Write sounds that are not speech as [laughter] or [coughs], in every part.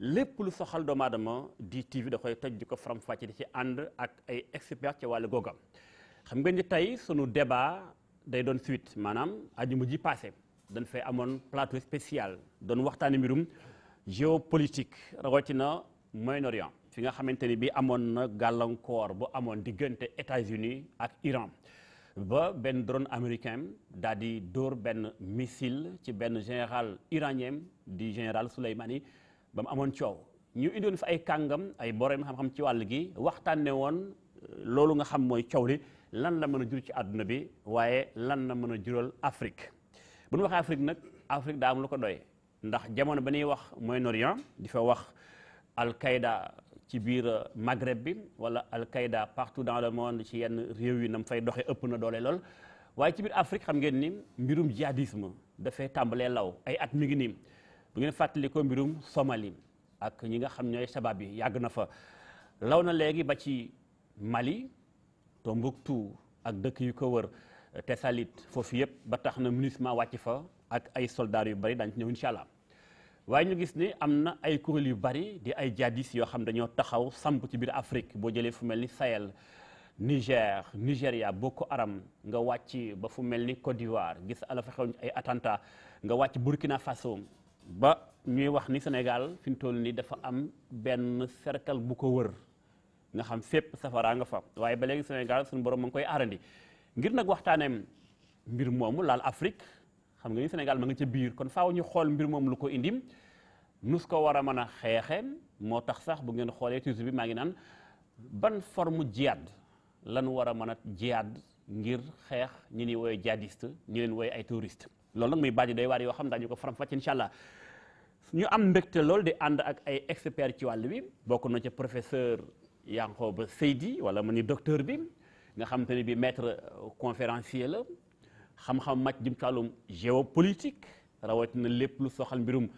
lépp lu soxal doomu di TV da koy tej diko faram ci and ak experts ci xam débat day suite a ji passé dañ fay plateau spécial donner un mirum géopolitique rawatina Moyen-Orient fi nga xamanteni bi amone États-Unis ak Iran ba ben drone américain dadi dor ben missile ci général iranien di général Soleimani ba mu amoon coow ñu indoon fi ay kàngam ay borom xam-xam ci wàll gi waxtaanee woon euh, loolu nga xam mooy coow li lan la mën a jur ci àdduna bi waaye lan la mën a jural Afrique bu ñu waxee Afrique nag Afrique daa am lu ko doy ndax jamono ba ñuy wax Moyen-Orient di fa wax al ci biir euh, Maghreb bi wala Al-Qaïda partout dans le monde ci yenn réew yi na nam fay doxee ëpp na doole lool waaye ci biir Afrique xam ngeen ni mbirum jihadisme dafay tàmbalee law ay at mi bu ngeen fàttali ko mbirum Somalie ak ñi nga xam ñooy sabab yi yàgg na fa law na léegi ba ci Mali Tombouctou ak dëkk yu ko wër Tessalit foofu yëpp ba tax na MINUSMA wàcc fa ak ay soldats yu bari daañu ci ñëw incha allah waaye ñu gis ni am na ay kuréel yu bari di ay jihadistes yoo xam dañoo taxaw samp ci biir Afrique boo jëlee fu mel ni Sahel Niger Nigeria bokk aram nga wàcc ba fu mel ni Côte d'Ivoire gis ala fa xew ay attentat nga wàcc Burkina Faso ba ñuy wax ni Sénégal fiñ toll ni dafa am benn cercle bu ko wër nga xam fep safara nga fa waaye ba léegi Sénégal suñu borom mang koy arandi ngir nag waxtaaneem mbir moomu laal Afrique xam nga ni Sénégal ma nga biir kon faaw ñu xool mbir moomu lu ko indim nus ko war a mën a xeexe moo tax sax bu ngeen xoolee bi maa ngi naan ban forme jiyaad lan wara a mën a jiyaad ngir xeex ñi ni woy jihadiste ñi leen woy ay touriste loolu nag muy baaji doy waar yoo xam dañu ko faram incha allah ñu am mbégte lool di ànd ak ay experts ci wàll bi bokk na ca professeur ba Yankhoba Seydi wala mu ni docteur bi nga xam te ne bi maître conférencier la xam-xam màcc jëm ci wàllum géopolitique rawatina lépp lu soxal mbirum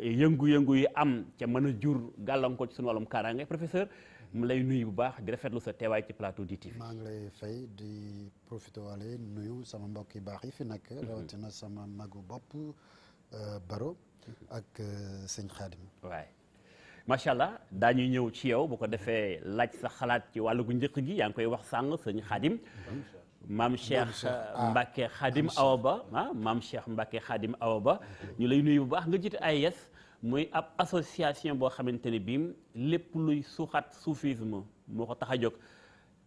eh, yëngu-yëngu yi am ca mën a jur gàllankoor ci suñu wàllum kaaraange professeur mu lay nuyu bu baax di rafetlu sa teewaay ci plateau di maa ngi lay fay di profité waale nuyu sama mbokk yu baax yi fi nekk. Mhm. rawatina sama magu bopp euh, Baro. ak euh, sëñ Xaadim waaye macha allah daañu ñëw ci yow bu ko defee laaj sa xalaat ci wàll gu njëkk gi yaa ngi koy wax sàng sëñ Xaadim maam Cheikh ah. Mbacke Xaadim Awa Ba ah, maam Cheikh Mbacke Xaadim Awa Ba ñu lay nuyu bu baax nga jiite AIS muy ab association boo xamante ne bii lépp luy suuxat soufisme moo ko tax a jóg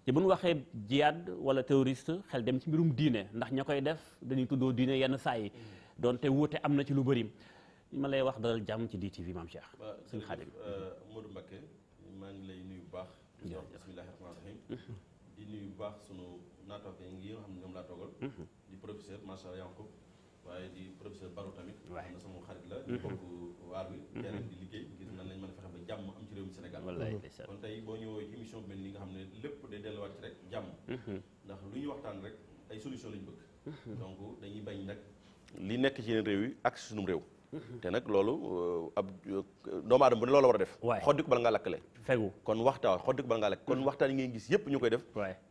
te bu ñu waxee jiyaat wala terroriste xel dem ci mbirum diine ndax ña koy def dañuy tuddoo diine yenn saa yi donte wuute am na ci lu bëri. ma lay wax dalal jàmm ci DTV maam Cheikh. suñu xaadim euh, Modou Mbacké maa ngi lay nuyu bu baax. jërëjëf bismillahi rahmaani di nuyu bu baax sunu naataango yi nga xam laa toogal. Mhm. di professeur macha allah Yankub di professeur Barou waaye na sama la. Mhm. di bokk waar wi. teel mhm. liggéey ngir nan lañ mën a fexe ba jàmm am ci réew mi Sénégal. wallaay kon tey boo ñëwee ci bi mel ni xam ne lépp day delluwaat ci rek jàmm. ndax lu ñu waxtaan rek ay solution lañ bëgg. donc dañuy bañ nag. li nekk ci réew yi ak sunum réew te nag loolu euh, ab euh, doomu aadama bu ne loolu war a def xoddiku bala ngaa lakkale fegu kon waxtaan xoddiku bala ngaa lakk kon mm-hmm. waxtaan yi ngay gis yëpp ñu koy def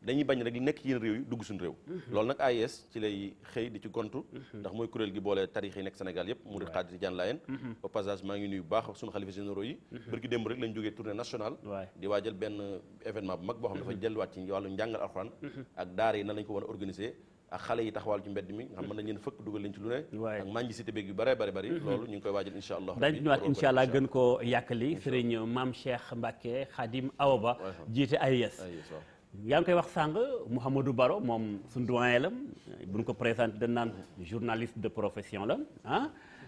dañuy bañ rek li nekk ci yéen réew yi dugg suñu réew mm-hmm. loolu nag AIS ci lay xëy di ci gontu mm-hmm. ndax mooy kuréel gi boole tarix yi nekk Sénégal yëpp mu di xaadiri jaan laayeen au passage maa ngi nuyu bu baax suñu xalifa généraux yi bërki démb rek lañ jógee tournée nationale di waajal benn événement bu mag boo xam dafa delluwaat ci wàllu yi nan lañ a organiser ak xalé yi taxawal ci mbedd mi nga xam mën nañ leen fëkk ci lu ne ak mañ ci yu bare bare bari mhm. loolu ñu ngi koy wajjal inshallah allah dañ ñu wat allah gën ko yakali serigne mam cheikh mbàkke khadim awaba jité ayes Yang koy wax sang Baro mom sun doyen lam buñ ko présenter de nan journaliste de profession lam hein ah.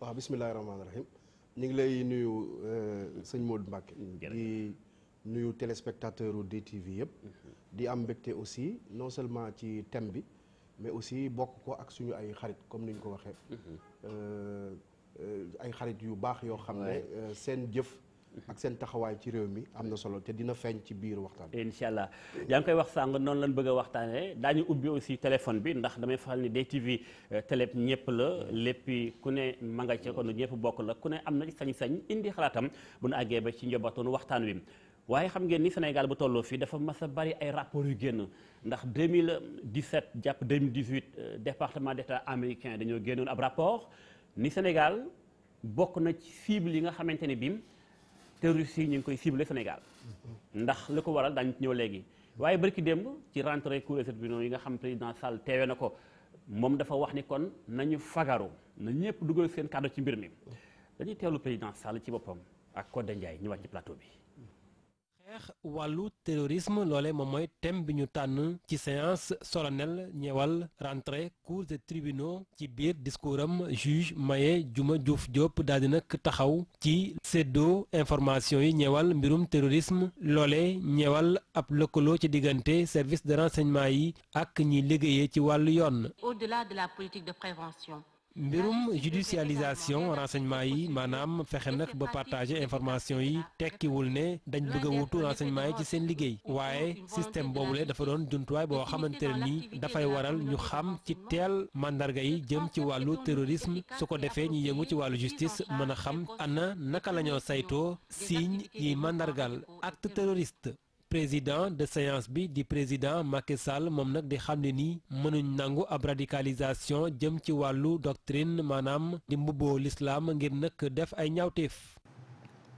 wa bisimilah rahmaani rahim ñi ngi lay nuyu euh, sëñ Modou Mbacke. di nuyu téléspectateur u DTV yëpp. Mhm. di am mbégte aussi non seulement ci thème bi mais aussi bokk ko ak suñu ay xarit comme niñ ñu ko waxee. Mhm. Euh, euh, ay xarit yu baax yoo xam ne seen jëf. ak seen taxawaay ci réew mi am na solo te dina feeñ ci biir waxtaan incha allah yaa ngi koy wax sàng noonu lañ bëgg a waxtaanee daañu ubbi aussi téléphone bi ndax damay faral ni DTV euh, télé ñëpp la léppi ku ne ma nga ca kon ñëpp bokk la ku ne am na sañ-sañ indi xalaatam bu nu àggee ba ci njobatoonu waxtaan wi waaye xam ngeen ni Sénégal bu tolloo fii dafa mas a bari ay rapports yu génn ndax 2017 jàpp 2018 euh, département d'état américain dañoo génnoon ab rapport ni Sénégal bokk na ci cible yi nga xamante ne bii terroriste yi ñu ngi koy ciblé Sénégal ndax li ko waral daañu ñëw léegi waaye barki démb ci rentrée cour des tribunaux yi nga xam président Sall teewe na ko moom dafa wax ni kon nañu fagaru na ñëpp dugal seen kàddu ci mbir mi dañuy teewlu président Sall ci boppam ak Codé Ndiaye ñëwaat ci plateau bi. xeex terrorisme lolé moom mooy thème bi ñu tànn ci séance solennelle ñewal rentrée cours de tribunaux ci bir discours juge mayé Juma Diouf djop daal di taxaw ci séddoo information yi ñewal mbirum terrorisme lolé ñewal ab lëkkaloo ci diganté service de renseignement yi ak ñi liggéeyee ci walu yoon. Au-delà de la politique de prévention. mbirum judicialisation renseignement yi maanaam fexe nag ba partager information yi tekkiwul ne dañ bëgg a wutu renseignement yi ci seen liggéey waaye système boobule dafa doon juntuwaay boo xamante ne ni dafay waral ñu xam ci teel màndarga yi jëm ci wàllu terrorisme su ko defee ñu yëngu ci wàllu justice mën a xam ana naka la ñoo saytoo signe yi mandargal acte terroriste président de séance bi di président Macky Sall moom nag di xam ne ni mënuñ nangu ab radicalisation jëm ci wàllu doctrine maanaam di mbubboo l'islam ngir nag def ay ñaawteef.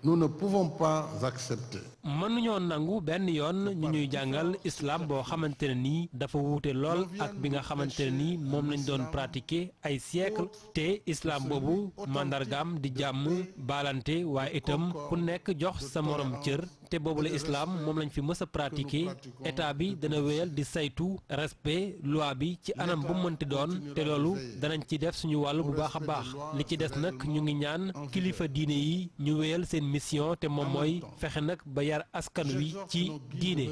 nous ne pouvons pas accepter. mënuñoo nangu benn yoon ñu ñuy jàngal islaam boo xamante ne nii dafa wuute lool ak bi nga xamante ni moom lañ doon pratiquer ay siècle te islaam boobu màndargaam di jàmm balante waaye itam ku nekk jox sa morom cër te boobu la islaam moom lañu fi mës a pratiquer état bi dana wéyal di saytu respect loi bi ci anam bu mënti doon te loolu danañ ci def suñu wàll bu baax a baax li ci des nag ñu ngi ñaan kilifa diine yi ñu wéyal seen mission te moom mooy fexe nag ba yar askan wi ci diine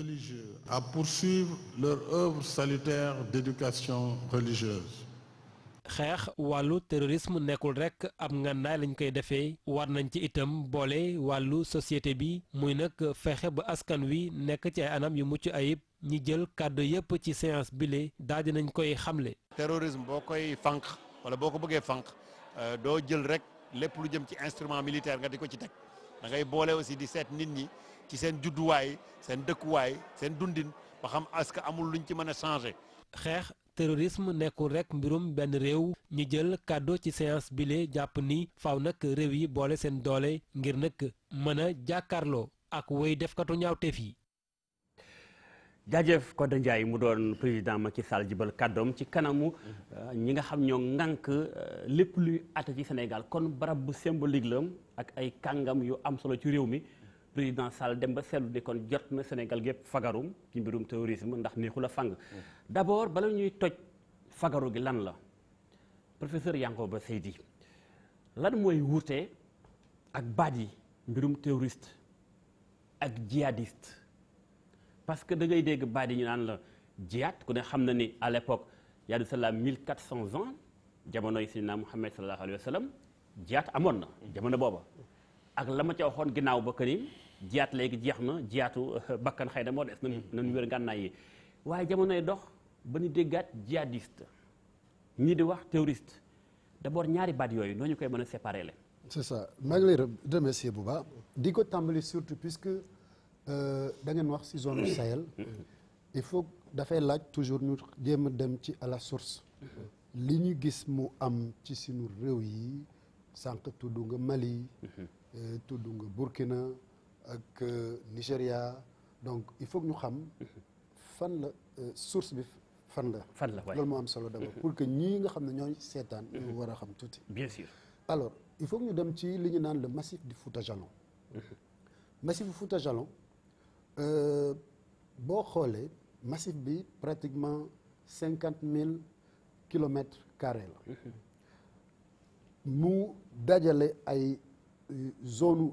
à poursuivre leur œuvre salutaire d'éducation religieuse xeex wàllu terrorisme nekkul rek ab ngànnaay lañ koy defee war nañ ci itam boole wàllu société bi muy nag fexe ba askan wi nekk ci ay anam yu mucc ayib ñi jël kàddu yépp ci séance bile daal nañ koy xamle. terrorisme boo koy fànq wala boo ko bëggee fànq euh, doo jël rek lépp lu jëm ci instrument militaire nga di ko ci teg da ngay boole aussi di seet nit ñi ci seen judduwaay seen dëkkuwaay seen dundin ba xam est que amul luñ ci mën a changer. xeex terrorisme nekkul rek mbirum benn réew ñu jël kàddu ci séance bile jàpp ni faw nag réew yi boole seen doole ngir nag mën a jàkkaarloo ak woy defkatu ñaawteef yi. jaajëf Codé Ndiaye mu doon président Macky Sall jibal kàddoom ci kanamu euh, ñi nga xam ñoo ŋànk euh, lépp luy àtte ci Sénégal kon barab bu symbolique ak ay kàngam yu am solo ci réew mi. président Sall Demba ba seetlu kon jot na Sénégal gep fagarum ci mbirum terrorisme ndax neexul fang. D'abord, abord bala ñuy toj fagaru gi lan la professeur Yankoba Seydi lan moy wouté ak baat mbirum terroriste ak djihadiste parce que da ngay dégg baat ñu nan la jihad ku ne xam na ni à l'époque, il y a de cela 1400 ans jamonoy Seydina Muhammad sallallahu alayhi wasallam, sallam jiyaat na jamono boba ak lama ci waxone ginaaw ba diat léegi jeex na euh, bakkan xëy na moo des. nañu wér ganna yi waaye jamono dox ba ñu déggaat jihadiste ni di wax terroriste d'abord ñaari bat yoy noo ñu koy mëna séparer leen. c'est ça maa de monsieur remercier diko tambali surtout puisque euh, da ngeen wax ci zone Sahel. [coughs] il faut dafay laaj toujours ñu jéem dem ci à la source. [coughs] li ñu gis mu am ci sinu rew yi sank tudd nga Mali. [coughs] Euh, tudd nga Burkina. Que euh, Nigeria. donc il faut que nous xam la euh, source bi la. fan la mhm. pour que nous nga xam mhm. bien sûr alors il faut que nous dem le massif du Fouta Jalon. Mhm. massif du Fouta Jalon euh, massif bi pratiquement 50 000 kilomètres carrés la. ay zone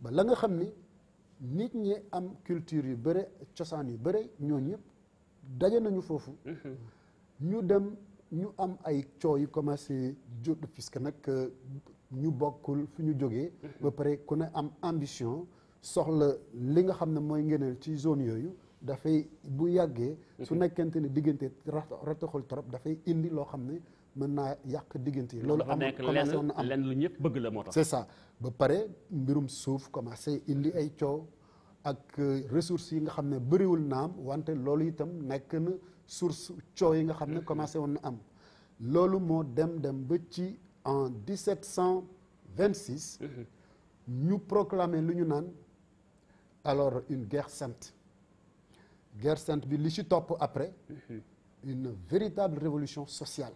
ba la nga xam ni nit ñi am culture yu bëre cosaan yu bëre ñooñu yëpp daje nañu foofu. Mhm. ñu dem ñu am ay coow yu commencé jot puisque nag euh, ñu bokkul fu ñu jógee. Mhm. ba pare ku ne am ambition soxla li nga xam ne mooy ngëneel ci zone yooyu. dafay bu yàggee. su mhm. nekkante ne diggante rataxul trop dafay indi loo xam ne. lu bëgg la c'est ça ba pare mbirum suuf commencé indi ay coow ak euh, ressources yi nga xamné ne bëriwul naam wanté loolu itam nek na source coow yi nga xamné commencé won na am. loolu mo dem dem ba ci en 1726. Mhm. ñu proclamer lu ñu alors une guerre sainte. guerre sainte bi li ci top après. Mhm. une véritable révolution sociale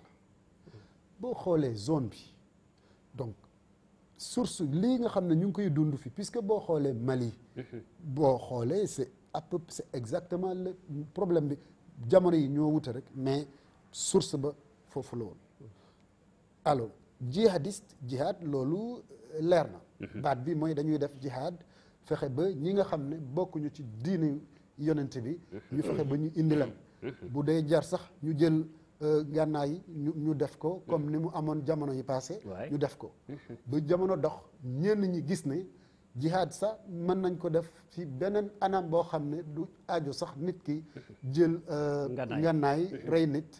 boo xoolee zone bi donc source li nga xamné ñu ngi koy dund fi puisque boo xoolee Mali mhm. boo xoolee c'est à peu c'est exactement le problème bi jamono yi ñoo rek mais source ba fofu la alors jihadiste jihad lolu leer na mhm. baat bi mooy dañuy def jihad fexe ba ñi nga xam ne ñu ci diine yonent bi ñu fexe ba ñu indi leen mhm. bu dee jar sax ñu jël euh, gànnaay ñu def ko comme ni mu amone jamono yi passé ñu def ko mhm. ba jamono dox ñen ñi gis ne jihad sax mën nañ ko def ci benen anam bo xam du aajo sax nit ki jël euh, ngànnaay rey nit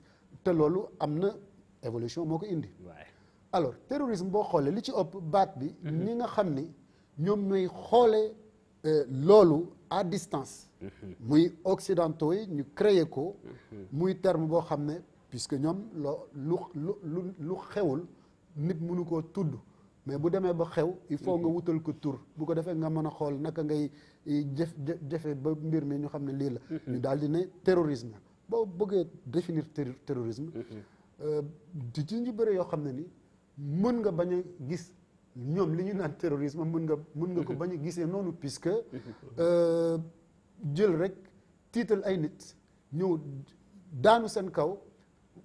te lolu amna na évolution moo ko indi alors terrorisme bo xolé li ci ëpp baat bi mhm. ñi nga xam ñom ñoom xolé xoolee euh, loolu à distance mhm. muy occidentaux yi ñu créer ko muy terme bo xam puisque ñoom loo lu lu lu xewul nit mënu koo tudd mais bu demee ba xew il faut nga mm-hmm. wutal ko tur bu ko defee nga mën a xool naka ngay eh, jëf jëfe ba mbir mi ñu xam ne lii la mm-hmm. ñu daal di ne terrorisme boo bëggee définir terrorisme mm-hmm. euh, di ci ñu bëri yoo xam ne ni mën nga bañ a gis ñoom li ñu naan terrorisme mën nga mën nga ko bañ gisee noonu puisque euh, jël rek tiital ay nit ñëw daanu seen kaw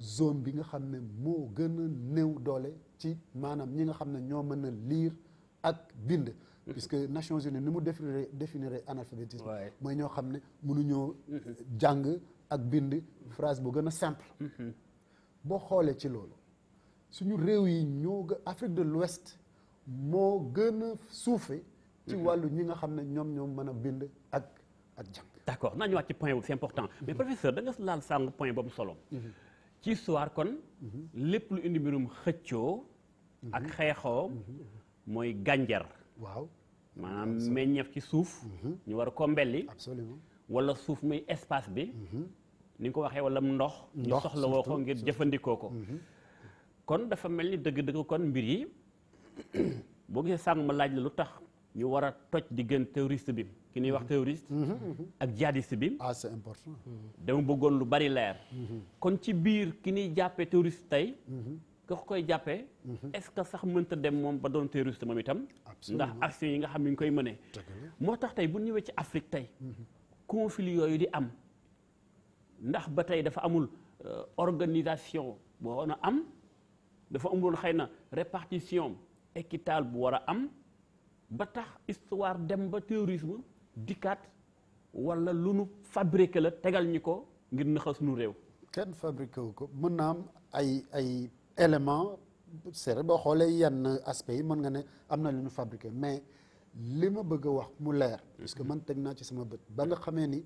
zone bi nga xam ne moo gën a néew doole ci maanaam ñi nga xam ne ñoo mën a liir ak bind puisque Nations Unies ni mu définir définir analphabétisme mooy ñoo xam ne mënuñoo mm-hmm. jàng ak bind phrase bu gën a simple mm-hmm. boo xoolee ci loolu suñu réew yi ñoo Afrique de l'Ouest moo gën a suufe ci mm-hmm. wàllu ñi nga xam ne ñoom ñoo mën a bind ak ak jàng d'accord naa ñëwaat ci point bu c'est important mais professeur da nga laal sàng point boobu solo ci histoire kon mhm. lépp lu indi mbirum xëccoo ak mhm. xeexoo mhm. mooy gànjar waaw maanaam meññeef ci suuf ñu war a ko mbelli absolument wala suuf muy espace bi ni ko waxee wala ndox ñu soxla woo ko ngir jëfandikoo ko kon dafa mel ni dëgg-dëgg kon mbir yi [clears throat] boo gisee sànq laaj la lu tax ñu war a toj diggante terroriste bi ki nuy wax mhm. terroriste mhm. Mhm. ak jihadiste bi ah c'est dama bëggoon lu bari leer kon ci biir ki nuy jàppee terroriste tey ka koy jàppee est-ce que sax mënta dem moom ba doon terroriste moom itam ndax action yi nga xam ni ñu koy mënee moo tax tey bu ñëwee ci Afrique tey conflit yooyu di am ndax ba tey dafa amul euh, organisation boo war a am dafa amul xëy na répartition équitable bu war a am ba tax histoire dem ba terrorisme dikkaat wala lunu fabriquer la tegal ñi ngir naxa suñu réew. kenn fabriqué wu ko mën naa am ay ay éléments c'est boo xolé yenn aspect mën nga ne amna lunu fabriquer mais li bëgg wax mu leer. parce que man tek na ci sama bëtt ba nga xamé ni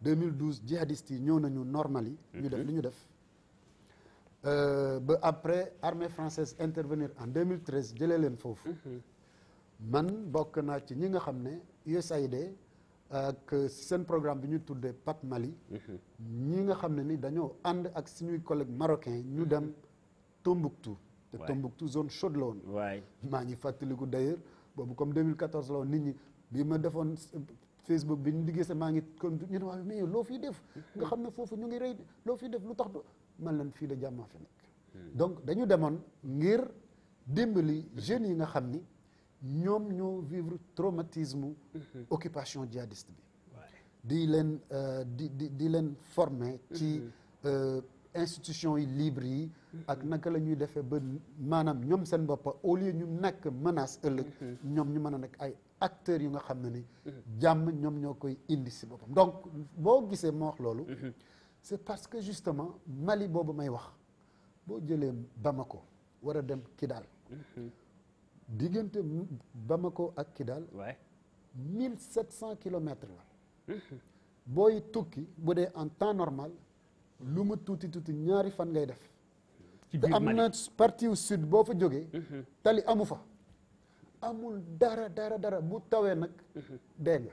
2012 jihadistes yi ñëw nañu normali yi. ñu def mhm. li ñu def. Euh, ba après armée française intervenir en 2013 jëlee leen foofu. Mhm. man bokk naa ci ñi nga xam ne USAID ak seen programme bi ñu tuddee PAP Mali. Mhm. ñi nga xam ne ni dañoo ànd ak suñuy collègue marocain ñu dem mhm. Tombouctou. te Tombouctou zone chaude la woon. maa ngi fàttaliku d'ailleurs boobu comme 2014 la woon nit ñi bi ma defoon Facebook bi ñu liggéey sax maa ngi kon ñu ne waaye mais loo fiy def. Mhm. nga xam ne foofu ñu ngi rey loo fiy def lu tax du man leen fii de jàmmaa fi nekk. donc dañu demoon ngir dimbali jeunes yi nga xam ni. Nous vivre traumatisme mhm. occupation djihadiste bi di formés euh, di di former mhm. euh, institution libre mhm. ak naka a ay acteurs nga donc bo gissé c'est parce que justement Mali bobu may wax Bamako Kidal diggante Bamako ak ko waay mille sept cent kilomètres la. Mhm. booy tukki bu dee en temps normal lu ma tuuti tuuti ñaari fan ngay def. te am na partie sud boo fa jógee. Mhm. tali amu fa. amul dara dara dara bu tawee nag mhm. dégg nga.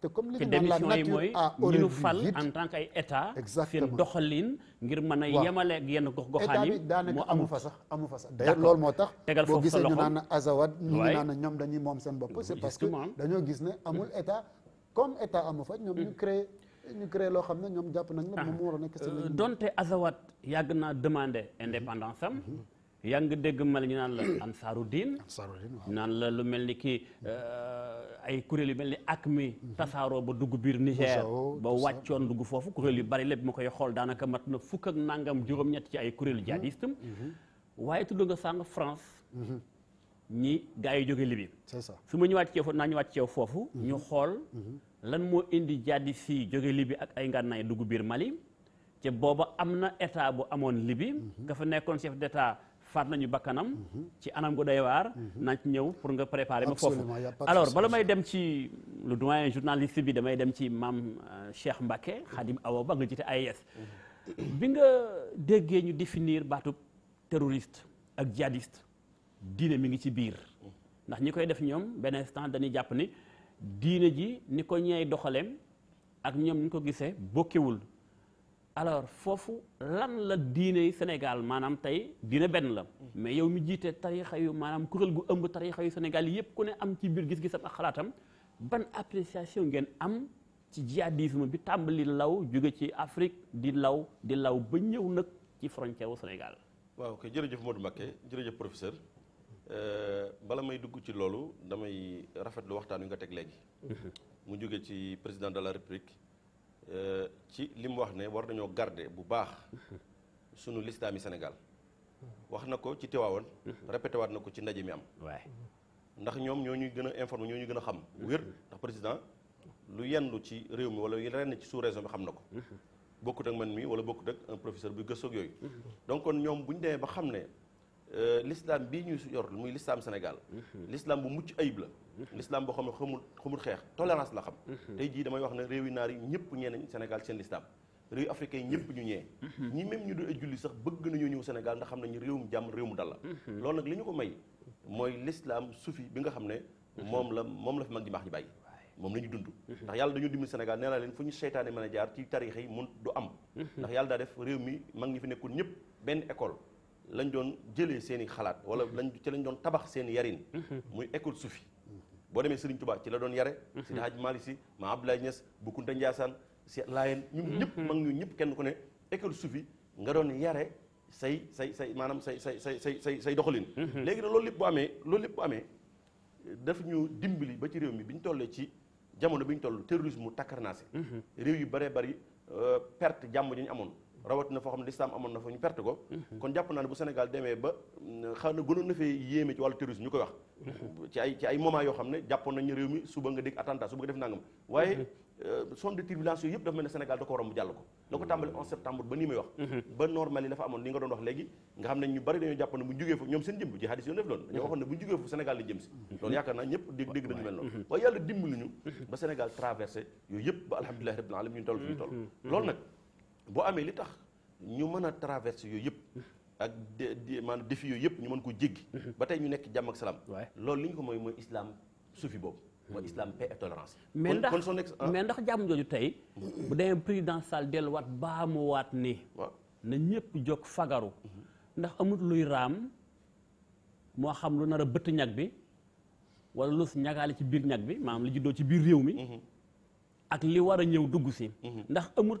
te comme li ñu naan la nature a oreille fal en tant que ay état. exactement seen doxalin ngir mën a yemale ak yenn gox goxaan yi. moo amu fa sax amu fa sax d'ailleurs loolu moo tax. tegal foofu boo gisee ñu naan azawad ñu naan ñoom dañuy moom seen bopp. c'est parce que dañoo gis ne amul état comme état amu fa ñoom ñu mm. créé. ñu créé loo xam ne ñoom jàpp nañ la ah. moom moo war a euh, donte azawat yàgg naa demandé indépendance am. Mm-hmm. yaa ngi dégg mal ñu naan la [clears throat] ansaaru diin naan lu mel ni ki euh, ay kuréel yu mel ni ak mi mhm. tasaaroo ba dugg biir Niger ba wàccoon dugg foofu kuréel yu bari lépp ma koy xool daanaka mat na fukk ak nangam juróom-ñett ci ay kuréel mhm. jihadistam mhm. waaye tudd nga sàng France ñi gaa yi jóge Libye su ma ñëwaat ci yow naa ñu ci foofu ñu xool lan moo indi jihadis yi jóge Libye ak ay ngànnaay dugg biir Mali te booba am na état bu amoon Libye nga fa nekkoon chef d'état faat nañu bakkanam mhm. ci anam gu doy waar mhm. naa ci ñëw pour nga préparer ma foofu alors bala may dem ci le doyen journaliste bi damay dem ci maam euh, Cheikh Mbacke Khadim Awa Ba nga jiite AIS mhm. bi nga déggee ñu définir baatub terroriste ak djihadiste diine mi ngi ci biir ndax ñi koy def ñoom beneen instant dañuy jàpp ni diine ji ni ko ñeey doxaleem ak ñoom ni ko gisee bokkewul aloor foofu lan la diine Sénégal maanaam tey diine benn la mais yow mi jiite tarixa yu maanaam kuréel gu ëmb tarixa yu Sénégal yépp ku ne am ci biir gis-gisam ak xalaatam ban appréciation ngeen am ci jihadisme bi tàmbali law jóge ci Afrique di law di law ba ñëw nag ci frontière wu Sénégal waaw ok jërëjëf Modou Mbacké jërëjëf professeur euh, bala may dugg ci loolu damay rafet lu waxtaan wi nga teg léegi mhm. mu jóge ci président de la République Eh, ci lim wax ne war nañu garder bu baax sunu lislaami Sénégal wax na ko ci teewaawoon répété wat na ko ci ndaje mi am ndax ñom ñoo ñuy gëna informé ñoo ñuy gëna xam wër ndax président lu yendu ci réew mi wala lenn ci sous région bi xam nako ko bokkut ak man mi wala bokkut ak un professeur bu gëssok yoy donc kon ñom buñ ba xam ne euh, l'islam bi ñu yor muy l'islam Sénégal mhm. l'islam bu mucc ayib la l'islam boo xam ne xamul xamul xeex tolérance la xam tey jii damay wax ne réew yi naar yi ñëpp ñee nañ Sénégal seen l'islam réew africain yi ñëpp ñu ñee ñi même ñu dul ay julli sax bëgg nañoo ñëw Sénégal ndax xam ñu réew réewum jàmm réewum dal la loolu nag li ñu ko may mooy lislaam sufi bi nga xam ne moom la moom la fi mag ñi baax ñi bàyyi moom la ñu dund ndax yàlla dañu dimbali Sénégal nee leen fu ñu seytaane mën a jaar ci tarixa yi mun du am ndax yàlla daa def réew mi mag ñi fi nekkoon ñëpp benn école lañ doon jëlee seen i xalaat wala lañ ci lañ doon tabax seen yarin école sufi boo demee Serigne Touba ci la doon yare mhm. Sidi Hadj Malick Sy ma Abdoulaye Niass bu Kunta Ndiassane si Laayeen ñun mhm. ñëpp mag ñu ñëpp kenn ko ne école sufi nga doon yare say say say maanaam say say say say say say doxalin mhm. léegi nag loolu lépp bu amee loolu lépp bu amee daf ñu dimbili ba ci réew mi bi ñu tollee ci jamono bi ñu toll terrorisme mu takkarnaase réew yu bëree bëri euh, perte jàmm ji ñu amoon rawat na foo xam ne lislaam amoon na fa ñu perte ko mhm. kon jàpp naa ne bu Sénégal demee ba mm, xaw na gënoon na fee yéeme ci wàllu terrorisme ñu koy wax mhm. ci ay ci yoo xam ne jàppoon nañu ñu def mhm. nañu mel noonu waaye yàlla ñu ba Sénégal traversé yooyu yëpp ba alhamdulilahi rabbil alamin ñu toll fi ñu toll loolu nag bu amee li tax ñu mën a traverser yooyu yëpp ak maanaam défi yooyu yëpp ñu mën ko jéggi mm-hmm. ba tey ñu nekk jàmm ak salaam loolu li ñu ko mooy mooy islam suufi boobu mooy mm-hmm. islam paix et tolérance mais ndax ah. mais ndax jàmm jooju tey bu demee président Sall delluwaat baa mu waat ni na ñëpp jóg fagaru mm-hmm. ndax amut luy raam moo xam lu nar a bëtt ñag bi wala lu ñagaale ci biir ñag bi maanaam li juddoo ci biir réew mi ak li war a ñëw dugg si ndax amut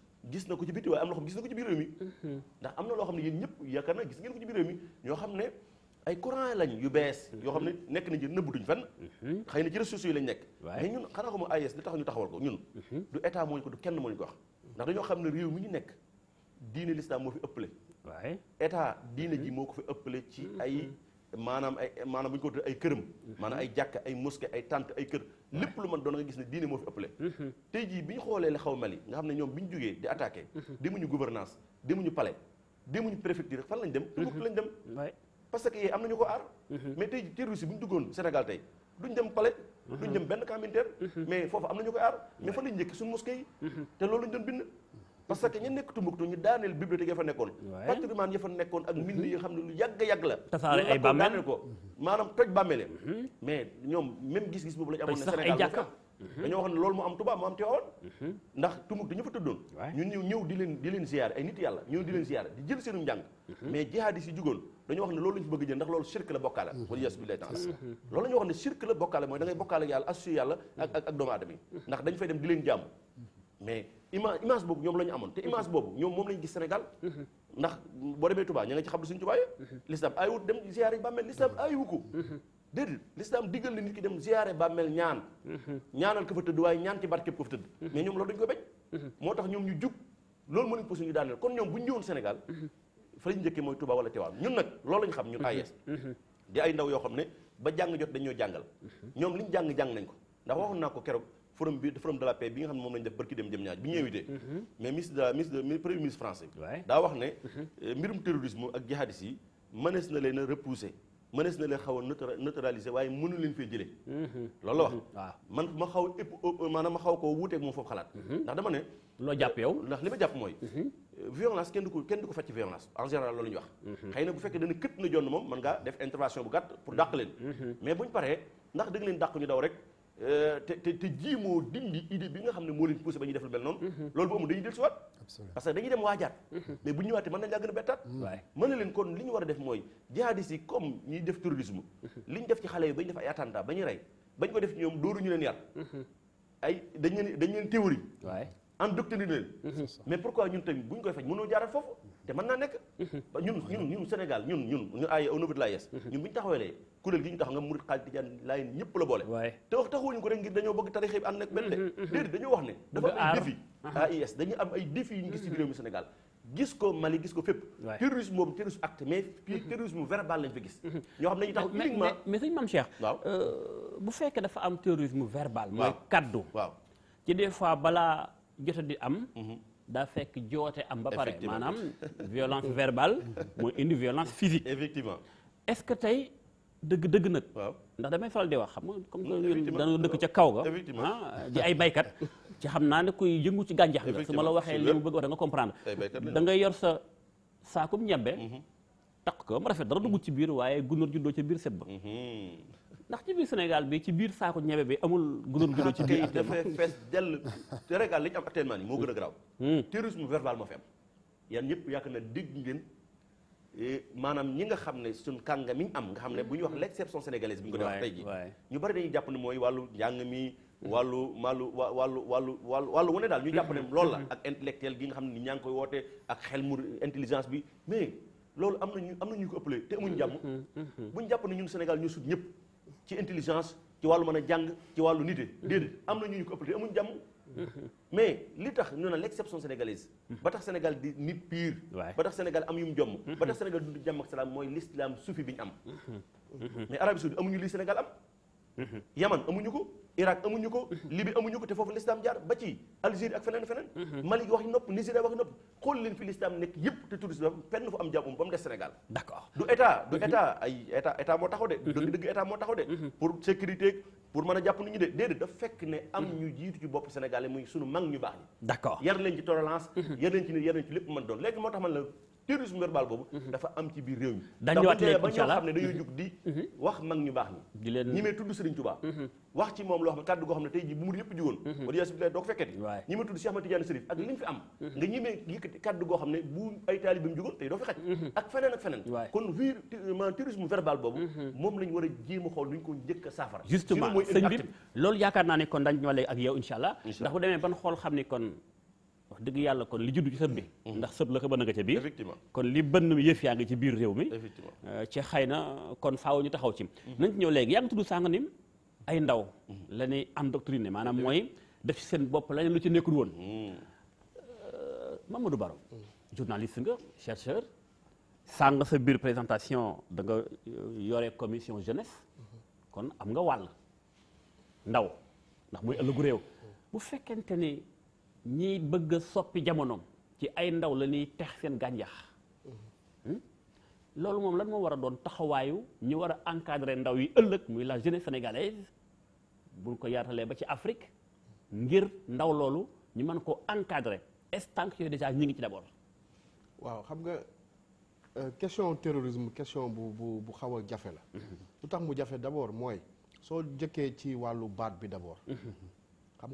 gis na ko ci biti am na loo xam ko ci biir mhm. ndax am na loo xam ne yéen ñëpp yaakaar na gis ngeen ko ci biir mi ñoo xam ne ay courant lañ yu bees mhm. yoo xam ne nekk nañ ci nëbbutuñ fenn mhm. xëy na ci réseaux sociaux yi lañ nekk mais ñun xanaa ko mu AES li tax ñu taxawal ko ñun du état moo ko du kenn moo ko wax ndax dañoo xam ne réew mi ñu nekk diine l'islam moo fi ëppale waaye état diine ji moo ko fi ëppale ci ay maanaam ay maanaam bu ñu ko tuddee ay këram mm-hmm. maanaam ay jàkk ay mosquée ay tant ay kër lépp lu mën doon nga gis ne diine moo fi ëppale mm-hmm. tey jii bi ñu xoolee la xaw Mali nga xam ne ñoom bi ñu jógee di attaqué mm-hmm. demuñu gouvernance demuñu palais demuñu préfecture fan lañ dem Tombouctou lañ dem parce que yee am nañu ko aar mais tey jii terroriste bu ñu duggoon Sénégal tey duñ dem palais duñ dem benn camp mais foofu am na ñu ko aar mais fa lañ njëkk suñu mosquée yi te loolu lañ doon bind parce que ñu nekk Tumbuktu ñu daaneel bibliothèque ya fa nekkoon patrimoine ya fa nekkoon ak mbind yi xam ne lu yàgg-yàgg la tasaare mhm. mhm. loolu mu am Tuubaa mu am Tiwaawan mhm. ndax Tumbuktu ñu fa tëddoon ñu ñëw di leen di leen siyaare ay nit yàlla ñëw di leen siyaare di jël seenu njàng mais jihaadis yi jugoon dañoo wax ne loolu lañu fa bëgg jël ndax loolu shirk la bokkaale wala yes billahi taala loolu la ñuy wax ne shirk la bokkaale mooy da ngay bokkaale yàlla associé yàlla ak doomu aadama di leen jàmm image image boobu ñoom la amoon te image mhm. boobu ñoom moom la gis Sénégal mhm. ndax boo demee Touba ña nga ci xam du suñu Touba yi mhm. l'islam ayiwut dem ziyaare bàmmeel l'islam ayiwu ko déedéet l'islam diggal la nit ki dem ziyaare bàmmeel ñaan ñaanal ko fa tëdd waaye ñaan ci barkeb ko fa tëdd mais ñoom loolu dañ ko bañ moo tax ñoom ñu jug loolu mën nañ pos ñu daaneel kon ñoom bu ñu ñëwoon senegal fa lañu njëkkee mooy Touba wala Tiwaawan ñun nag loolu lañ xam ñun AIS di ay ndaw yoo xam ne ba jàng jot dañoo jàngal ñoom liñ jàng jàng nañ ko ndax waxoon naa ko keroog forum bi forum de la paix bi nga xam ne moom lañu def barki dem jëm ñaaj bi ñu mhm. mais ministre de la ministre français daa wax ne mhm. euh, mbirum terrorisme ak jihadistes yi mënees na leen a repousser mënees na leen xaw a waaye mënu leen fee jëlee mhm. loolu la wax waaw man ma xaw ëpp maanaam ma xaw koo wuuteeg moom foofu xalaat ndax dama ne loo jàpp yow ndax li ma jàpp mooy euh, violence kenn du ko kenn du ko faj violence en général loolu ñu wax xëy na bu fekkee na bu gàtt pour dàq leen mais buñ paree ndax da nga daw rek Euh, te te jii jiimoo dindi idée bi nga xam ne moo leen poussé ba ñuy def lu mel noonu. Mm-hmm. loolu bu amul dañuy del si waat parce que dañuy dem waajaat mm-hmm. mais bu ñu ñëwaatee mën nañ a bettaat mm-hmm. mën na leen kon li ñu war a def mooy jihadistes comme ñuy def terrorisme li ñu def ci xale yi ba ñu def ay attentat ba ñu rey bañ ko def ñoom dooruñu leen yar ay dañ leen dañ leen théorie endoctriné leen mais pourquoi ñun tamit bu ñu koy faj mënoo jaarat foofu te mën naa nekk mhm. ba ñun ñun ñun Sénégal ñun ñun ñun ay au niveau de l'AIS mhm. ñun bu ñu taxawalee kuréel gi ñu taxaw nga murit xaalis tijaan laay ñëpp la boole te wax taxawuñu ko rek ngir dañoo bëgg tarixe bi ànd nag benn mhm, déedéet dañoo wax ne dafa am ay défi AIS yu ñu gis ci réew mi Sénégal gis ko Mali gis ko fépp terrorisme moom terrorisme acte mais puis terrorisme verbal lañ fi gis ñoo xam ne ñu taxaw uniquement mais sëñ Mame Cheikh waaw euh, bu fekkee dafa am terrorisme verbal mooy kaddu fois balaa jota di am daa fekk joote am ba pare maanaam violence verbale mooy indi violence physique effectivement est-ce que tey deug dëgg nag ndax damay fal di wax xam nga comme que ñun dañoo dëkk ca kaw ga ah di ay baykat ci xamna naa ne kuy yëngu ci ganjax nga su la waxé li mu bëgg wax da nga comprendre da ngay yor sa saakum ñebbe mhm. tak ko ba rafet dara dugg ci biir waaye gunóor juddoo ci biir sëb ba mhm. ndax ci biir Sénégal bi ci biir saako ñebe bi amul gudóor gudóor ci biir ah, dafa fees dell Sénégal li ñu am actuellement yi moo gën a garaaw hmm. terrorisme verbal moo fi yan ñëpp yaakaar na dégg ngeen e, maanaam ñi nga xam ne suñ kànga mi am nga xam ne bu ñuy wax hmm. l'exception sénégalaise bi ñu ko dee wax tey ji bari dañuy jàpp ne mooy wàllu njàng mi hmm. wàllu wàllu wàllu wàllu wàllu wàllu wane daal ñu jàpp ne loolu la ak intellectuel gi nga xam ne ni ñaa ngi koy woote ak xel mu intelligence bi mais loolu am nañu am na ñu ko ëpp ëppale te amuñu jàmm buñu jàpp ne ñun Sénégal ñu sut ñëpp ci intelligence ci wàllu mën a jàng ci wàllu nite déedéet am na ñu ñu ko ëppale amuñ jàmm mais li tax ñu ne l' exception sénégalaise ba tax Sénégal di nit pire ba tax Sénégal am yu mu jomm ba tax mm-hmm. Sénégal dund jàmm ak salaam mooy l'islam sufi bi ñu am mm-hmm. Mm-hmm. mais Arabie Saoudite amuñu lii Sénégal am Yaman amuñu ko Irak amuñu ko Libye amuñu ko te foofu l'islam jaar ba ci Algérie ak feneen feneen mhm. Mali wax nopp Nigeria wax nopp xool leen fi l'islam nekk yëpp te tourisme penn fu am jàmm ba mu des Sénégal d'accord du état du mhm. état ay état état moo de mhm. dëgg dëgg état moo taxaw de pour sécurité pour mën a jàpp nit ñi de déedéet daf fekk ne am ñu jiitu ci bopp Sénégalais muy sunu mag ñu baax ñi d'accord yar leen ci tolérance yar leen ci nit yar leen ci lépp mën doon léegi moo tax man la terrorisme verbal boobu. Mhm. dafa am ci biir réew mi. dañu ñëwaat xam ne dañoo mhm. jug di. Mhm. wax mag ñu baax ñi. di tudd Serigne Touba. wax ci moom a a a saafara. loolu yaakaar naa ne kon dañ ñëwalee ak yow incha ndax bu demee ban xool xam ne kon wax dëgg yàlla kon li juddu ci sët bi mm-hmm. ndax sët la ko bën a nga ca biir effectivement kon li bënn yëf yaa ngi ci biir réew mi effectivement euh, ci xëy na kon faaw ñu taxaw ci mm-hmm. nañ ci ñëw léegi yaa ngi tudd sànq ni ay ndaw mm-hmm. la ñuy endoctriné maanaam mooy def ci seen bopp leneen lu ci nekkul woon euh, Mamadou Baro journaliste nga chercheur sànq sa biir présentation da nga euh, yore commission jeunesse kon am nga wàll ndaw ndax muy ëllëgu réew bu fekkente ni ñi bëgg soppi jamonoom ci ay ndaw la ñuy tex seen gàncax hmm? loolu moom lan moo war a doon taxawaayu ñu war a encadrer ndaw yi ëllëg muy la jeunesse sénégalaise bul ko yaatalee ba ci Afrique ngir ndaw loolu ñu mën ko encadrer est tant que yooyu déjà ñu ngi ci d'abord. waaw xam nga euh, question terrorisme question bu bu bu xaw a jafe la. Mm-hmm. lu tax mu jafe d'abord mooy soo jëkkee ci wàllu baat bi d'abord. Mm-hmm. xam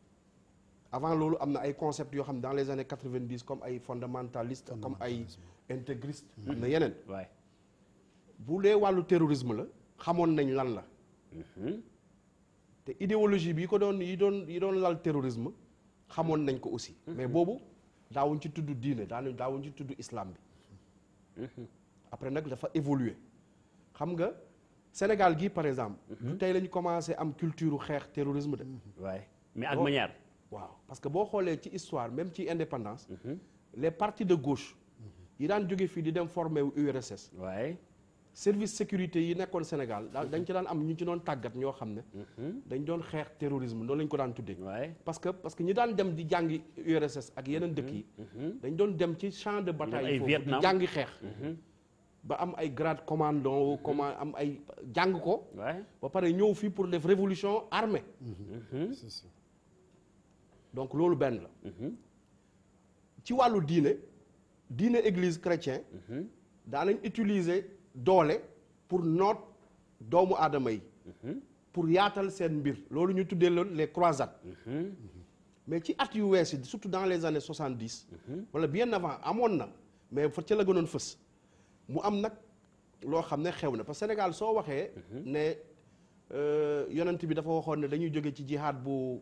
avant il y avait des concepts dans les années 90 comme ay fondamentaliste comme ay intégriste hmm. am na yeneen bu le terrorisme la savez ce lan la L'idéologie hmm. idéologie bi ko terrorisme, yi doon yi lal terrorisme xamoon nañ ko aussi hmm. mais boobu dîner, ci tudd diine dans daawuñ ci tudd islam bi après nag dafa évoluer xam nga Sénégal par exemple du tey lañu commencé am culture de terrorisme de waaye mais ak manière parce que si on ci histoire même ci indépendance. Mhm. les partis de gauche. ils ont jóge fii di former URSS. service sécurité yi au Sénégal ils ont daan am ñu ci mhm. terrorisme lañ ko parce que parce que ñi daan dem di à URSS mhm. dem champ de bataille. foofu ba am ay grade commandant command am ay jang ko. ba pour les révolutions armées donc loolu benn la mhm. ci wàllu dîner diine église chrétien mhm. daanañ utiliser doole pour noot doomu aadama -hmm. pour yaatal seen mbir loolu ñu tuddee les croisades mhm. mais ci at yu wees surtout dans les années 70, dix wala bien avant amoon na mais fa ca la gënoon fës mu am nag loo xam ne parce que Sénégal soo waxee ne euh, yonent bi dafa waxone dañuy jóge ci jihad bu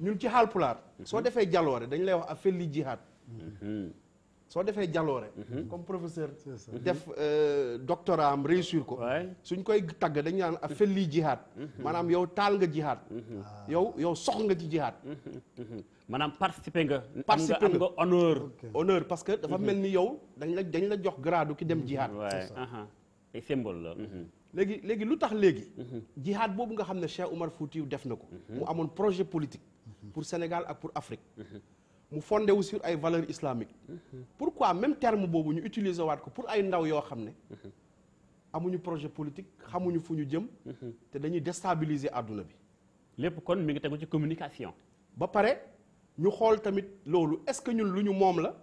ñun ci xaal pulaar mhm. soo defee jaloore dañ lay wax a felli jihaad mhm. soo defee jaloore mhm. comme professeur def euh, doctorat am réussir ko suñ koy tagg dañ naan a felli jihaad maanaam yow taal nga jihaad ah. yow yow sox nga ci jihaad maanaam participer nga participer nga am nga honneur parce que dafa mel ni yow dañ la dañ la jox grade ki dem jihaad ay symbole la léegi léegi lu tax léegi jihaad boobu nga xam ne Cheikh Omar Foutiyou def na ko mu amoon projet politique pour Sénégal ak pour Afrique mu fondé wu sur ay valeurs islamiques pourquoi même terme boobu ñu utiliser waat ko pour ay ndaw yoo xam ne amuñu projet politique xamuñu fu ñu jëm te dañuy déstabiliser àdduna bi lépp kon mi ngi tegu ci communication ba pare ñu xool tamit loolu est-ce que ñun lu ñu moom la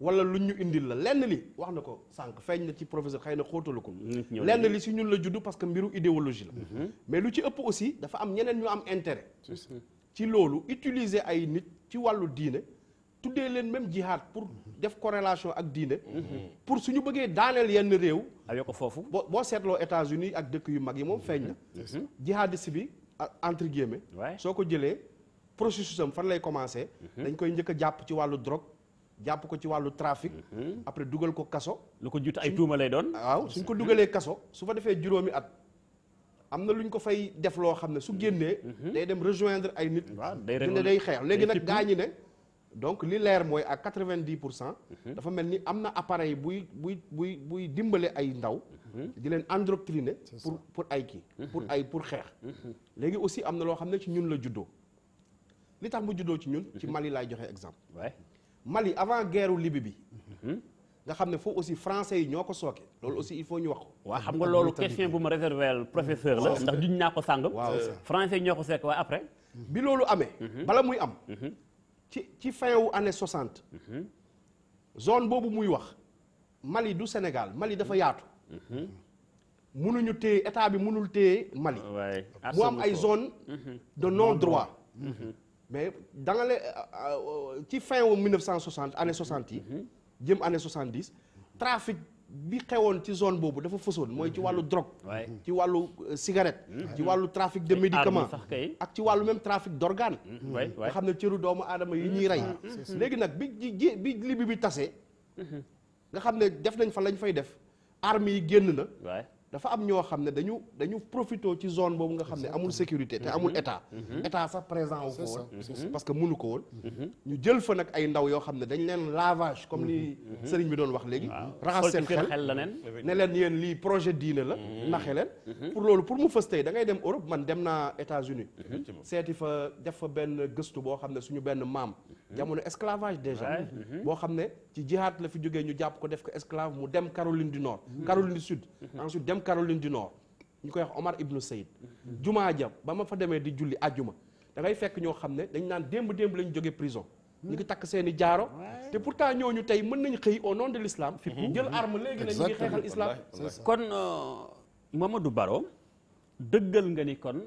wala lu ñu indil la lenn li wax na ko sànq feeñ na ci professeur xëy na xóotalu ko lenn li si ñun la juddu parce que mbiru idéologie la mhm. mais lu ci ëpp aussi dafa am ñeneen ñu am intérêt ci loolu utiliser ay nit ci walu diine tuddé len même jihad pour def corrélation ak diine mhm. pour suñu bëggé daaneel yenn réew ayoo ko foofu boo boo États-Unis ak dëkk yu mag yi mom feeñ na mhm. jihadiste bi entre guillemets soko jëlé processus am fan lay commencer mhm. dañ koy njëkk japp ci walu drogue japp ko ci walu trafic après duggal ko kasso lu ko jutt ay tuuma lay doon waaw suñ ko duggalé kasso su fa défé juroomi at amna luñ ko fay def lo xamné ne su génné mhm. day dem rejoindre ay nit. waaw day xéx légui nak gaa né ne. donc li leer moy à 90% mhm. dafa melni amna appareil buy buy buy buy dimbalé ay ndaw. Mhm. di len endoctriner. pour pour ay kii. pour ay pour xéx légui aussi amna lo xamné ci ñun la juddo li tax mu juddo ci ñun. ci Mali laay joxé exemple. Mali avant guerre Libye bi nga xamné faut aussi français yi ñoo ko aussi il faut ñu wax wa xam nga loolu question bu ma réserver professeur la ndax duñ ñako ko français yi ko après bi loolu amé mhm. bala muy am mhm. ci ci fin année 60 mhm. zone bobu muy wax Mali du Sénégal Mali dafa yaatu mënuñu téye état bi mënul téye Mali mu am ay zone de non droit mais dans les euh, euh, ci fin wu 1960 année 60 jëm année 70 trafic bi xewoon ci zone boobu dafa fësoon mooy ci wàllu drogue ci wàllu euh, cigarette mm-hmm. ci wàllu trafic de médicament ak ci wàllu même trafic d'organe mm-hmm. nga xam ne cëru doomu aadama yi ñuy rey mm-hmm. léegi nag bi ji bi libi bi tasee nga xam ne def nañ fa lañ fay def armes yi génn na dafa am ñoo xamné dañu dañu profito ci zone bobu nga xamné amul sécurité té mhm. amul état mhm. état sax présent wu ko parce que mënu ko won mhm. ñu jël fa nak ay ndaw yo xamné dañ leen lavage comme li sëriñ bi doon wax légui raxas seen xel la neen ne leen yéen lii projet diine la naxe leen pour lolu pour mu fës tey da ngay dem Europe man dem na États-Unis seeti fa def fa ben gëstu bo xamné suñu ben mam jamono esclavage déjà boo xam ne ci jihad la fi joggé ñu japp ko def ko esclave mu dem Caroline du Nord Caroline du Sud ensuite dem Caroline du Nord ñu koy wax Omar Ibn Saïd jumaa ja ba ma fa demee di julli àjjuma da ngay fekk ñoo xam ne dañ naan démb démb lañu jógee prison ñu ngi takk seen i jaaro te pourtant ñooñu tey mën nañ xëy au nom de l'islam jël arme léegi ne ñu ngi xeexal islam kon euh, du Baro dëggal nga ni kon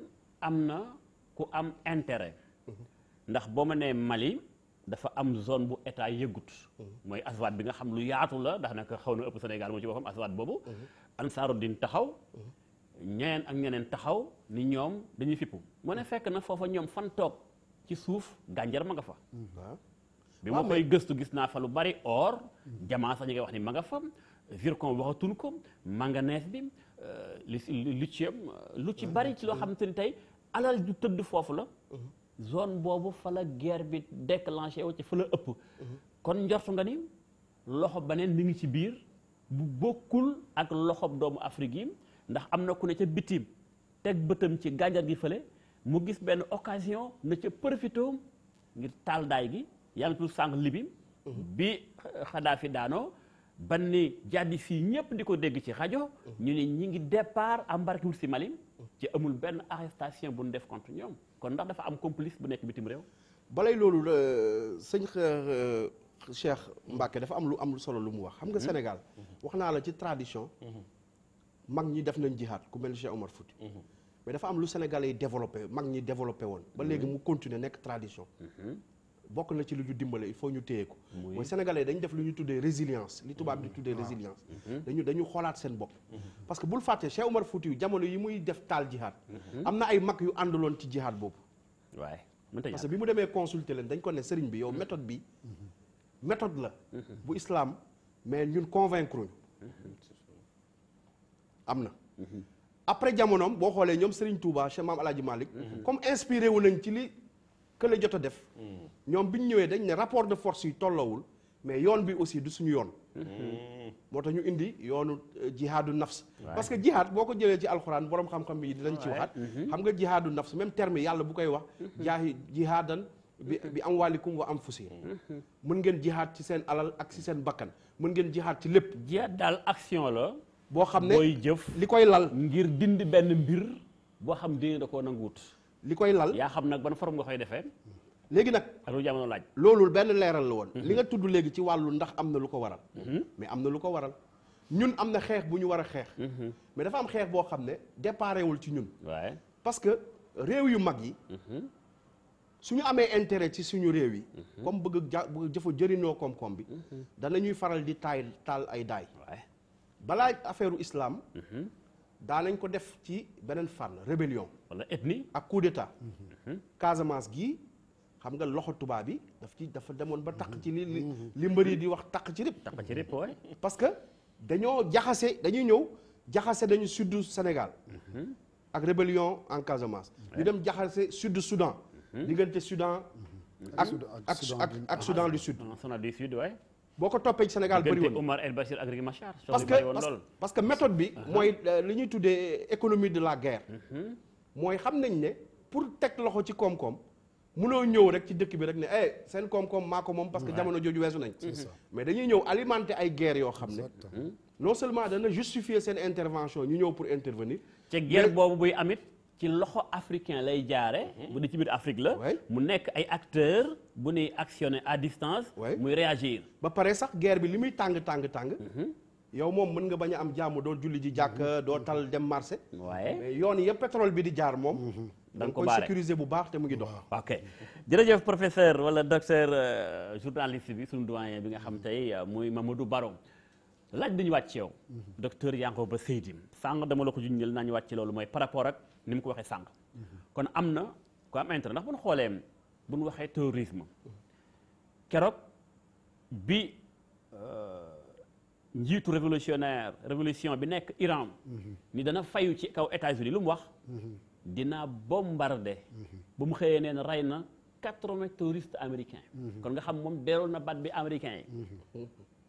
am na ku am intérêt ndax boo ma nee Mali dafa am zone bu état yëgut mhm. mooy aswaat bi nga xam lu yaatu la ndax naka xaw na ëpp Sénégal moo ci boppam ansaaru din taxaw ñeneen ak ñeneen taxaw ni ñoom dañuy fippu mu ne fekk na foofa ñoom fan toog ci suuf gànjar ma nga fa bi ma ah, koy gëstu gis naa fa lu bari or jamaa sax ñu koy wax ni ma nga fa zircon waxatun ko manganèse bi euh, lithium euh, lu ci bari ci loo xam te ni tey alal ju tëdd foofu la zone boobu fa la guerre bi déclenché wu ci fa la ëpp mhm. kon njortu nga ni loxo beneen mi ngi ci biir bu bokkul ak loxob doomu Afrique yi ndax am na ku ne ca bitim teg bëtam ci gànjar gi fële mu gis benn occasion na ca profité ngir taal daay gi yaa ngi tudd sànq libi bi Xadaafi daanoo ban ni jàddi fii ñëpp di ko dégg ci rajo. ñu ne ñu ngi départ embarqué wul si Mali. ci amul benn arrestation bu nu def contre ñoom kon ndax dafa am complice bu nekk bitim réew. balay loolu euh, sëñ euh, Cheikh Mbacke dafa am lu am lu solo lu mu wax xam nga mhm. Sénégal mhm. la ci tradition mhm. mag ñi def nañ ku mel Cheikh Omar Fouti mais dafa am lu Sénégalais développé mag ñi développé won ba légui mu tradition na ci lu il faut ñu def résilience ah. résilience parce que bul Cheikh Omar Fouti jamono yi muy def ay yu ci parce que consulter dañ ko méthode bi méthode la. Mhm. bu islam mais ñun convaincre ñu mhm. am mhm. après jamonoom bo xolé ñom Serigne Touba Cheikh Maam El malik comme inspiré wu nañ ci li que la jot def. ñom biñ ñëwé dañ né rapport de force yi tollawul mais yoon bi aussi du suñu yoon. motax ñu indi yoonu euh, jihadu nafs. parce que jihad boko jëlé ci alcorane borom xam-xam bi dinañ ci waxat xam nga jihadu nafs même terme yalla bu koy wax. jaahi jihaadan bi bi am waalikum wa am fusi mën ngeen jihaat ci seen alal ak ci seen bakkan mën ngeen jihaat ci lépp jihaat daal action la boo xam ne booy jëf li koy lal ngir dindi benn mbir boo xam dina da ko nanguwut li koy lal yaa xam nag ban forme nga koy defee léegi nag ak lu laaj loolu benn leeral la woon mhm. li nga tudd léegi ci wàllu ndax am na lu ko waral mhm. mais am na lu ko waral ñun am na xeex bu ñu war a xeex mhm. mais dafa am xeex boo xam ne déparewul ci ñun waaye parce que réew yu mag yi suñu nous un intérêt ci mhm. comme bëgg ja bëgg jëfa jëriñoo comme mhm. faral di taal ay islam. lañ mhm. ko def ci benen rébellion. wala ethnie ak coup d'état. Casamance gi xam nga loxo bi ci ba ci li di parce que dañoo jaxassé dañuy ñëw jaxassé dañu sud Sénégal. ak rébellion en Casamance. ñu dem jaxassé sud Soudan. Hmm? diggante Sudan hmm. ak ak ak Soudan ah, du Sud. Soudan du Sud ouais. Boko topé toppee ci Sénégal bëri woon Omar El Bachir ak Riek Machar. parce que parce que méthode bi. Uh-huh. moy euh, liñuy ñuy économie de la guerre. Uh-huh. mooy xam nañ né pour tek loxo ci koom-koom mënoo ñëw rek ci dëkk bi rek né eh sen koom-koom maa ko parce que jamono jooju wessu nañ. mais dañuy ñëw alimenter ay guerre yo xamné. ne. Hmm? non seulement dana justifier sen intervention ñu ñëw pour intervenir. ci guerre bobu buy amit ci loxo africain lay jaare hein, bu dee ci biir Afrique la. mu nekk ay acteurs bu nuy actionné à distance. muy réagir. ba paré sax guerre bi limuy tang tang tang mhm. yow mom meun nga baña am jàmm do julli ji jak mhm. do tal dem marché. waaye mais pétrole bi di jaar mom mhm. da ko baare sécuriser bu baax té mu ngi dox. ok jërëjëf professeur wala docteur euh, journaliste bi sun doyen bi nga xam tay euh, moy Mamadou barom laaj dañu wàcc yow mhm. docteur yanko ba Seydi sang dama la ko junjël nañu ñu lolu moy par rapport ak nim ko waxee sang mhm. kon amna ko am intérêt ndax bu ñu xoolee bu ñu waxee terrorisme keroog bi euh, njiitu révolutionnaire révolution bi nek Iran mhm. ni dana fayu ci kaw États-Unis lu mu wax dina bombarder bu mu xëyee neen rayna 80 touristes américains kon nga xam mom deeroon na bat bi américains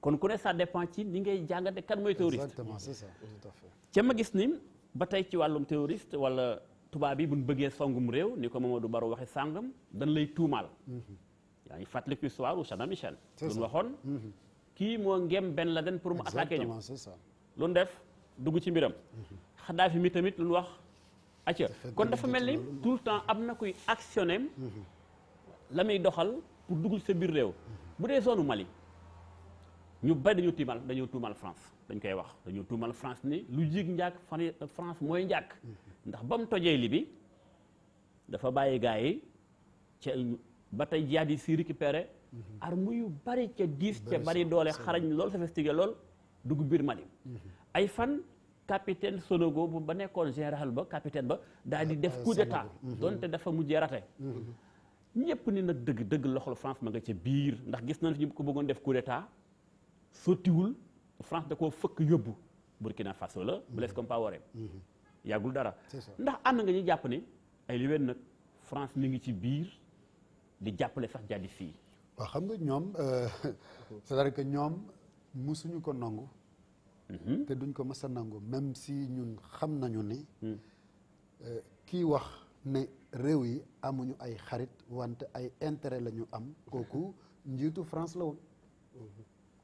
kon ku ne sa dépend ci ni ngay jàngate kan mooy terroriste. exactement c'est ça tout à ca ma gis ni ba tey ci wàllum terroriste wala tubaab yi bu ñu bëggee songum réew ni ko moom du Baro waxee sàngam dañ lay tuumaal. Mm-hmm. yaa ngi fàttaliku histoire u Saddam Hussein. c'est ça waxoon. Mm-hmm. kii moo ngem benn Ben Laden pour mu attaqué ñu. c'est ça lu def dugg ci mbiram. Mm-hmm. Xadaafi mi tamit lu wax. acca kon dafa mel ni tout le temps am na kuy actionné la muy doxal pour dugg sa biir réew. bu dee zone Mali. ñu bari dañoo tuumal dañoo tuumal France dañ koy wax dañoo tuumal France ni lu jig njàkk France mooy njàkk ndax ba mu tojee li dafa bàyyi gars yi ca ba tey jihaad yi si récupéré arme yu bari ca diis ca bari doole xarañ lool sophistiqué lool dugg biir Mali mhm. ay fan capitaine Sonogo bu ba nekkoon général ba capitaine ba daal di def ah, coup d'état mhm. donte dafa mujjee rate mhm. ñëpp ni nag dëgg dëgg loxol France ma nga ca biir ndax gis na fi ñu ko bëggoon def coup d'état sottiwul France da koo fëkk yóbbu Burkina Faso la mhm. Blaise Compaoré mhm. yàggul dara ndax ànd nga ñu jàpp ne ay liwén nag France mi ngi ci biir di jàppale sax jaddi fii waaw xam nga ñoom euh, [laughs] c'est-à-dire que ñoom musuñu ko nangu mhm. te duñ ko mës a nangu même si ñun xam nañu ni hmm. euh, kii wax ne réew yi amuñu ay xarit wante ay intérêt la ñu am [laughs] kooku njiitu France la woon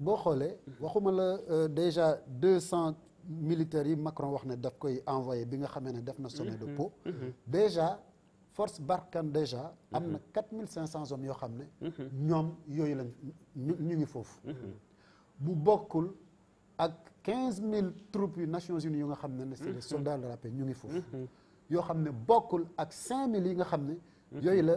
Je xoolee waxuma la euh, déjà 200 militaires Macron wax envoyé bi nga de mm-hmm. peau. Mm-hmm. déjà force Barkhane déjà am mm-hmm. hommes yo xamné ñom yoy lañ ngi fofu. bu bokul ak quinze troupes Nations Unies nga xamné c'est les soldats de la paix ñu ngi fofu. Yo xamné bokul ak 5000 yi nga la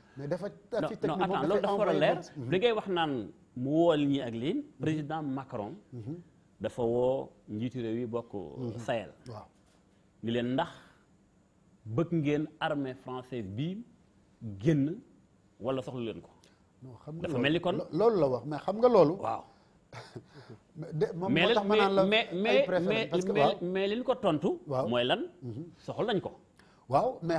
mais dafa non non attends loolu dafa war a leer. Mhm. li ngay wax naan mu wool ñi ak lii président Macron. Mhm. dafa woo njiitu réew yi bokk. Mhm. Sahel waaw leen ndax bëgg ngeen armée française bi génn wala soxla leen ko. dafa mel ni kon loolu la wax mais xam nga loolu. waaw. [laughs] de mais moo tax ma naan la mais mais mais mais li ko tontu. waaw mooy lan soxla lañ ko. waaw mais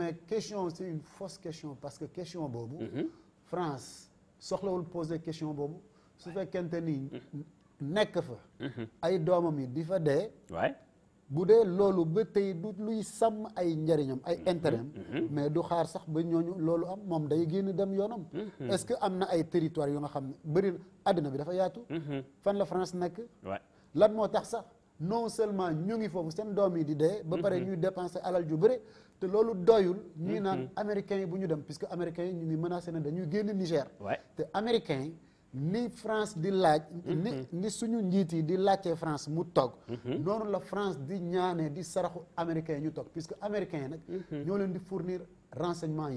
mais question c'est une fausse question parce que question mhm. France soxlawul poser question boobu su fekkente ni. question, mhm. fa. Mhm. ay une question. qui fa une question. bu une question. du luy question. ay mais du xaar sax ba ñooñu une am day est-ce que territoire nga fan la France ça non seulement nous ngi foofu seen doom di dee. ba pare mhm. ñuy dépenser alal ju bëri. Mhm. américains yi bu puisque américains yi menacent, Niger. américains ni France di mhm. ni France mu la France di ñaanee di américains ñu puisque américains nous fournir renseignement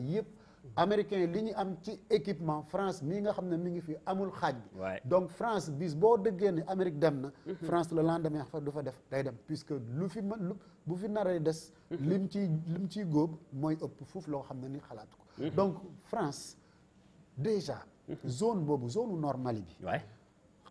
américain li ñu am ci équipement France mi nga xam mi ngi fi amul xaaj bi donc France bis bo de ne Amérique dem na mhm. France le lendemain fa du fa def day dem puisque lu fi bu fi naree dess mhm. lim ci lim ci góob moy upp foofu lo xam ni xalaatu mhm. donc France déjà zone bobu zone normale bi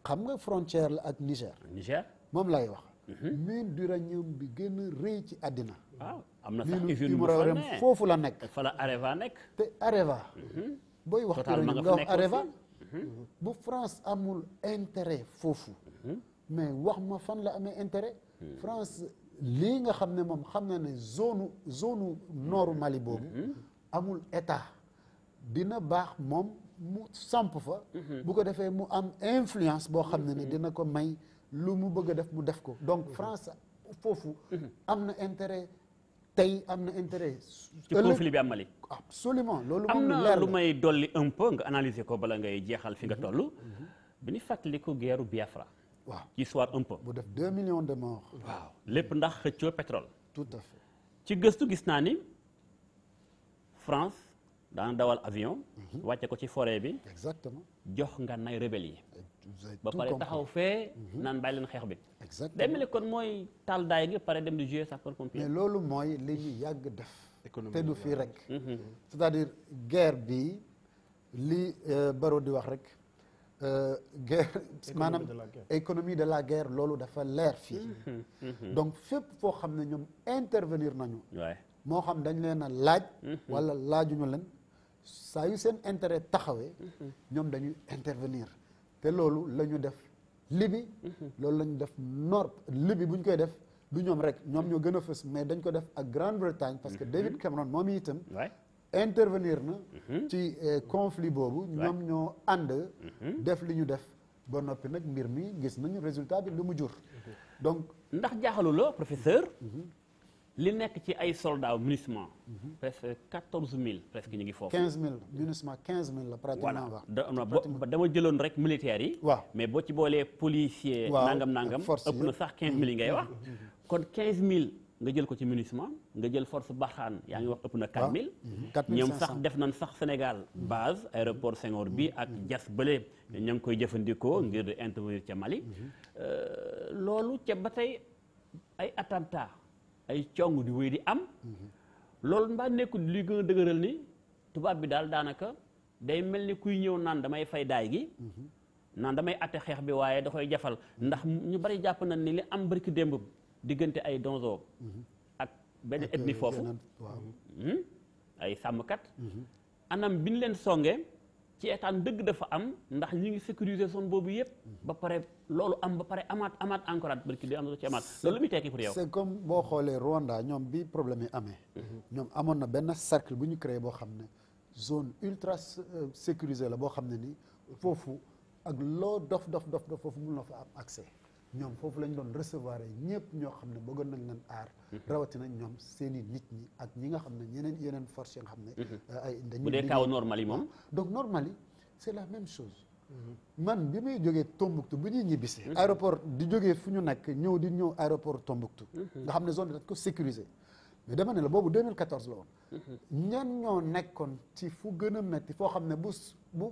xam nga frontière la ak Niger Niger Mom lay wax Mhm. mine d'uranium bi gën rëy ci àddina. waaw am na sax usine foofu la nekk. fala la nekk. te Areva. Mhm. booy wax uranium nga wax Areva. Mhm. bu France amul intéret foofu. mais wax ma fan la amee intérêt. France lii nga xam ne moom xam na ne zone zone nord Mali boobu. amul état dina baax moom mu samp fa. bu ko defee mu am influence boo xam ne ne dina ko may. lu mu bëgg def mu def ko donc mhm. France foofu mhm. am na intérêt tey am na intérêt ci conflit bi am Mali absolument loolu am na lu may dolli un peu nga analyser ko bala ngay jeexal fi nga mhm. toll bi ñu fàttaliku guerre Biafra waaw ci soir un peu bu def 2 millions de morts waaw lépp ndax xëccoo pétrole tout à fait ci gëstu gis naa ni France daana dawal avion wàcce ko ci forêt bi exactement jox nga nay rebelle yi ba pare taxaw fee. Mhm. naan bàyyi leen xeex bi. exactement demee kon mooy taal daay gi pare dem di jouer sapeur pompier. mais loolu mooy li ñu yàgg def. te du fii rek. Mhm. c'est-à-dire guerre bi li euh, Baro di wax rek. Euh, guerre [laughs] maanaam économie de la guerre loolu dafa leer fii. Mhm. donc fépp foo xam ne ñoom intervenir nañu. moo xam dañ leen laaj. wala laajuñu leen saa yu seen intérêt taxawee. ñoom dañuy intervenir. te loolu la ñu def libi loolu la ñu def nord libi bu ñu koy def du ñoom rek ñoom ñoo gën a fës mais dañ ko def ak Grande-Bretagne parce que David Cameron moom itam intervenir na mhm. ci euh, conflit boobu ñoom ñoo ànd mhm. def li ñu def ba noppi nag mbir mi gis nañu résultat bi lu mu jur mhm. donc ndax jaaxalu la professeur Les soldats a au munissement, presque 14 000, 15 000, munissement 15 000, pratiquement. Voilà. Je suis un militaire, mais si tu es policiers, tu es un force. Tu es 15 000. Quand 15 000, tu es un munissement, tu es force Bahan, tu 4 000. Tu es un Sénégal, base, aéroport Saint-Orbi, et Jas Belé, tu es un intervenir au Mali. Lolo, tu es un attentat. ay cong di wéy di am loolu mba nekkul li gëna dëgeural ni tubaab bi dal danaka day melni ni kuy ñew naan damay fay daay gi naan damay atté xex bi waye da koy jafal ndax ñu bari japp na ni li am barki démb diggante ay donzo ak ben etni fofu ay kat hmm. anam binlen songe. leen ci état dëgg dafa am ndax ñi ngi sécuriser zone boobu yëpp ba pare loolu am ba pare amaat amaat encore barki di am na ci amaat loolu lu muy tekki pour yow c'est comme boo xoolee Rwanda ñoom bi problème yi amee mhm. ñoom amoon na benn cercle bu ñu créé boo xam ne zone ultra euh, sécurisée la boo xam ne ni foofu ak loo dof dof dof dof foofu mun na fa am accès ñom fofu lañ doon recevoir ñepp ñoo xamne ne bëggoon nañ leen aar. Mhm. rawatina ñoom seen i nit ñi ak ñi nga xamne ñeneen yeneen force yi nga xam mhm. euh, ay dañuy bu dé kaw normali mom ah, donc normal c'est la même chose. Mhm. man bi muy joggé Tombouctou bu ñi ñibbisee. aéroport di joggé fu ñu nekk ñëw di ñew aéroport Tombouctou. nga xamne zone bi dañ ko sécuriser. mais dama né la bobu 2014 la woon. ñan ñoo nekkon ci fu gën metti fo xamne ne bu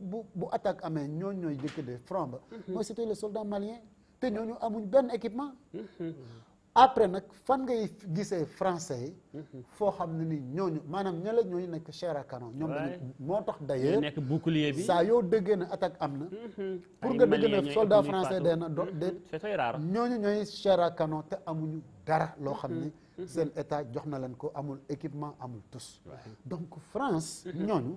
bu bu attaque amee ñooñu ñooy jëkkëdee front ba. mooy c'était le soldat malien te ñooñu amuñ benn équipement. Mm-hmm. après nag fan ngay gisee français yi. Mm-hmm. foo xam ne ni ñooñu maanaam ña ñooñu nekk chair à canon. ñoom dañu moo tax d'ailleurs nekk bouclier bi saa yoo déggee ne attaque am na. Mm-hmm. pour nga dégg ne soldaa français de na do de. ñooñu ñooy chair à canon te amuñu dara loo xam ni. seen état jox na leen ko amul équipement amul tous. donc France ñooñu.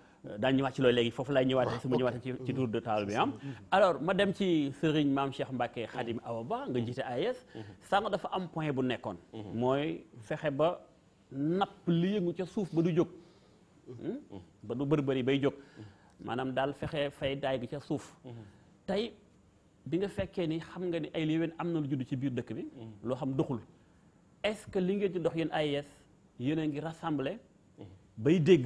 Euh, daañu ñëwaat ci loolu léegi foofu laay ñëwaatee su ma ñëwaatee ci ci tour bi am ah. alors ma dem ci Serigne Maam Cheikh Mbacke Khadim Awa Ba nga jiite AES mhm. sànq dafa am point bu nekkoon mhm. mooy fexe ba napp li yëngu ca suuf ba du jóg hmm? mhm. ba du bërbëri bay jóg maanaam daal fexe fay daay gi ca suuf tey bi nga fekkee ni xam nga ni ay liwéen am na lu judd ci biir dëkk bi loo xam doxul est que li ngeen di dox yéen AES yéen a ngi rassemblé bay dégg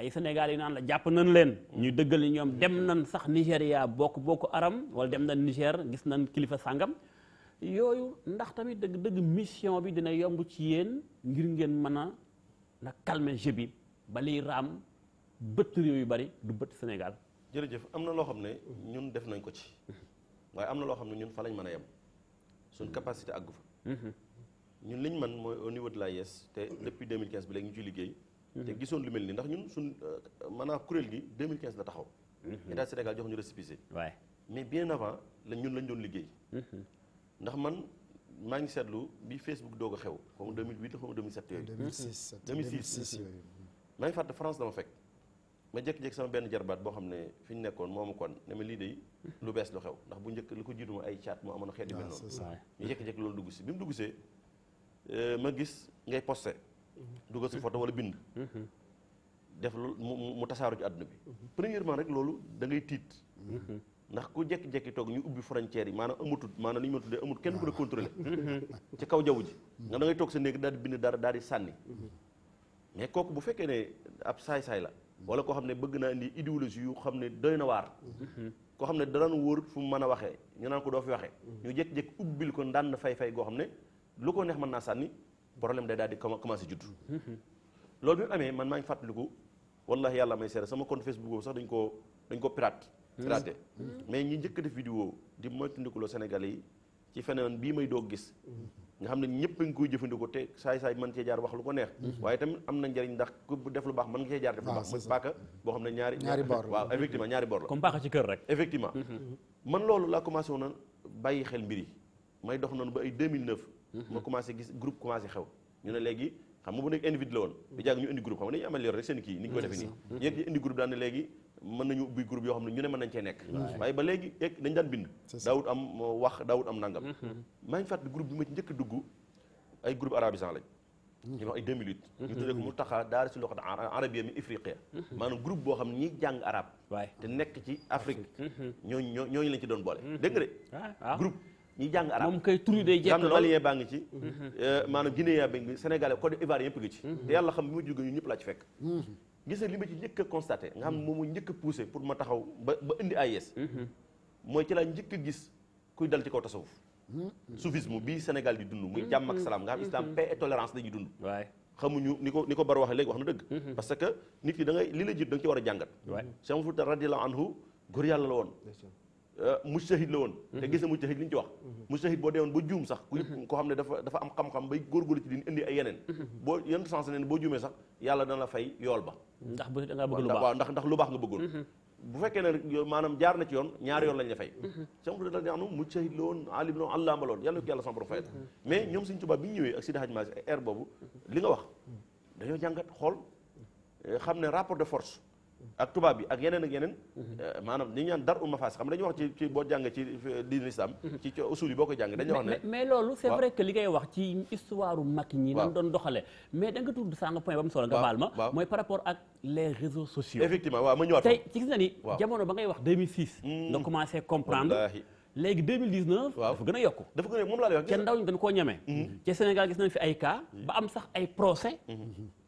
ay yi nan la japp nañ len ñu dëggal ñom dem nañ sax nigeria bok bok aram wala dem nañ niger gis nañ kilifa sangam yoyu ndax tamit dëgg dëgg mission bi dina yomb ci yeen ngir ngeen mëna a na calmer jebi ba li ram bëtt rew yu bari du bëtt sénégal jërëjëf am na loo xam ñun def nañ ko ci way amna lo xamne ñun fa lañ mëna a suñ capacité aggu fa mhm. ñun liñ man moy au niveau de la yes te depuis 2015 bi léegi ñu ci liggéey te gisoon lu mel nii ndax ñun suñ euh, maanaam kuréel gi 2015 la taxaw. Mhm. état Sénégal jox ñu récépissé. waay mais bien avant la ñun lañ doon liggéey. Mhm. ndax man maa ngi seetlu bi Facebook doog a xew. xaw ma 2008 la xaw ma 2007 yooyu. 2006 2006 yooyu. maa ngi fàtte France dama fekk. ma jékki-jékki sama benn jarbaat boo xam ne fi ñu nekkoon moomu kon ne ma lii de lu bees lu xew ndax bu njëkk li ko jiitu ma ay caat moo amoon xeeti mel ah, noonu. waaw c' est ça ñu jékki-jékki loolu dugg si bi mu dugg see euh, ma gis ngay posté. dugal si photo wala bind mhm. def loolu mu tasaaru ci bi premièrement rek lolu da ngay tiit mhm. ndax ku jek jek tok ñu ubbi frontière yi manam amatul manam ni ma tuddé amut kenn ku la contrôler mhm. ci kaw jawu ji nga da ngay tok sa néeg dal di bind dara dal di sanni mais koku bu fekké né ab say say la wala ko xamné bëgg na indi idéologie yu xamné doyna war na waar koo xam ne daraan wóor fu mëna waxé ñu nan ko do fi waxé ñu jek jek ubbil ko ndan fay-fay go xamné lu ko neex mën problème day daal di commencé judd loolu bi mu amee man maa ngi fàttaliku wallahi yàlla may seere sama compte Facebook boobu sax dañ koo dañ ko pirate pirate mais ñi njëkk def vidéo di moytandikuloo Sénégalais yi ci phénomène bii may doog gis nga xam ne ñëpp a ngi koy jëfandikoo te saay saay mën cee jaar wax lu ko neex waaye tam am na njëriñ ndax ku def lu baax mën nga cee jaar def lu baax muy paaka boo xam ne ñaari ñaari bor waaw effectivement ñaari bor la comme paaka ci kër rek effectivement mhm. man loolu laa commencé woon na bàyyi xel mbir yi may dox noonu ba ay 2009 ma commencé gis groupe commencé xew ñu ne léegi xam nga bu nekk individu la woon di jàng ñu indi groupe xam nga dañuy améliorer rek seen kii ñu ne léegi mën nañu ubbi groupe yoo xam ne ñu ne mën nañ cee nekk waaye ba léegi yeeg dañ daan bind daawut am wax daawut am nangam mm-hmm. maa ngi fàttali groupe bi ma ci njëkk dugg ay groupe arabisant lañ ñu mm-hmm. wax ay 2008 mm-hmm. ñu tuddee mu taxa daara si loxo arabia mi ifriqiya maanaam groupe boo xam ne ñiy jàng arab te nekk ci Afrique ñooñu ñooñu lañ ci doon boole dégg nga de groupe ñi jang arab mom kay turi day jekk lool malien bang ci euh maanaam guinéen baa ngi mhm. eh, sénégalais côte d'ivoire yëpp ngi ci mhm. té yalla xam bi ma ñu ñëpp la ci fekk mhm. gis limi ci njëkk a nga xam ne moom mu njëkk a pour ma taxaw ba indi AIS moy ci la njëkk gis kuy dal ci ko tasawuf soufisme Bi Sénégal di dund muy jam ak salam nga islam paix et tolérance dañuy dund way xamuñu niko Niko bar wax légui wax na deug parce que nit ki da ngay li la da ngi wara jangat a Cheikh Fouta anhu gor yalla la won Euh, mujtahid la woon mhm. te gis na mujtahid li ñu ci wax mhm. mujtahid boo dee woon ba juum sax ku mhm. ko xam ne dafa dafa am xam-xam bay góorgóorlu ci di indi ay yeneen boo yenn sens neen boo juumee sax yàlla dana la yool ba ndax da nga bëgg lu baax nga bëggoon bu fekkee ne maanaam jaar na ci yoon ñaar yoon lañ la fay saml da ñaanu mujtahid mais ñoom Sëriñ Tuubaa bi ñu ñëwee ak Sidi Hadj Malick air boobu li nga wax dañoo jàngat xool xam ne rapport de force ak tubaab bi ak yeneen ak yeneen mhm. euh, maanaam li ñu dar ul mafaasi xam dañuy wax ci boo jàng ci euh, diin islam mhm. ci usul boo ko jàng dañuy wax ne mais loolu c'est vrai que li ngay wax ci histoire mag ñi nan doxale mais da nga tudd sànq point ba mu solo nga baal ma mooy par rapport ak les réseaux sociaux effectivement waaw ma ñëwaat tey ci gis ba ngay wax 2006 nga hmm. commencé comprendre léegi 2019 dafa a a moom laa lay wax ca hmm. gis nañ fi ay cas hmm. ba am sax ay procès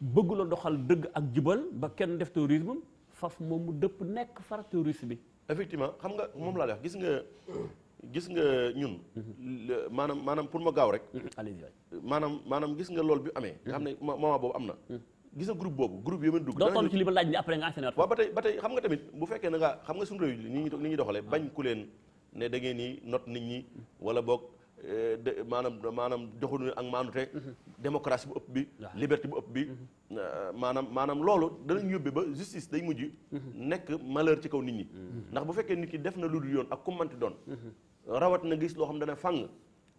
bëggula doxal dëgg ak jubal ba kenn def terrorisme faf moom mu dëpp nekk far terroriste bi. effectivement xam nga moom laa def gis nga gis nga ñun. maanaam maanaam pour ma gaaw rek. maanaam maanaam gis nga lool bi amee. nga xam ne moment boobu am na. gis nga groupe boobu groupe yi ma dugg. doo toll ci li ma laaj ni après nga enchaîner. waaw ba tey ba tey xam nga tamit bu fekkee na nga xam nga suñu réew yi ni ñuy doxalee bañ ku leen ne da ngeen ni not nit ñi wala boog. Eh, maanaam maanaam doxuñu ak maanute mhm. démocratie bu ëpp bi liberté bu ëpp bi mhm. maanaam maanaam loolu danañ yóbbe ba justice day mujj mhm. nekk malheur ci kaw nit ñi ndax bu fekkee nit ki def na lu dul yoon ak ku manti doon rawat na gis loo xam dana fàng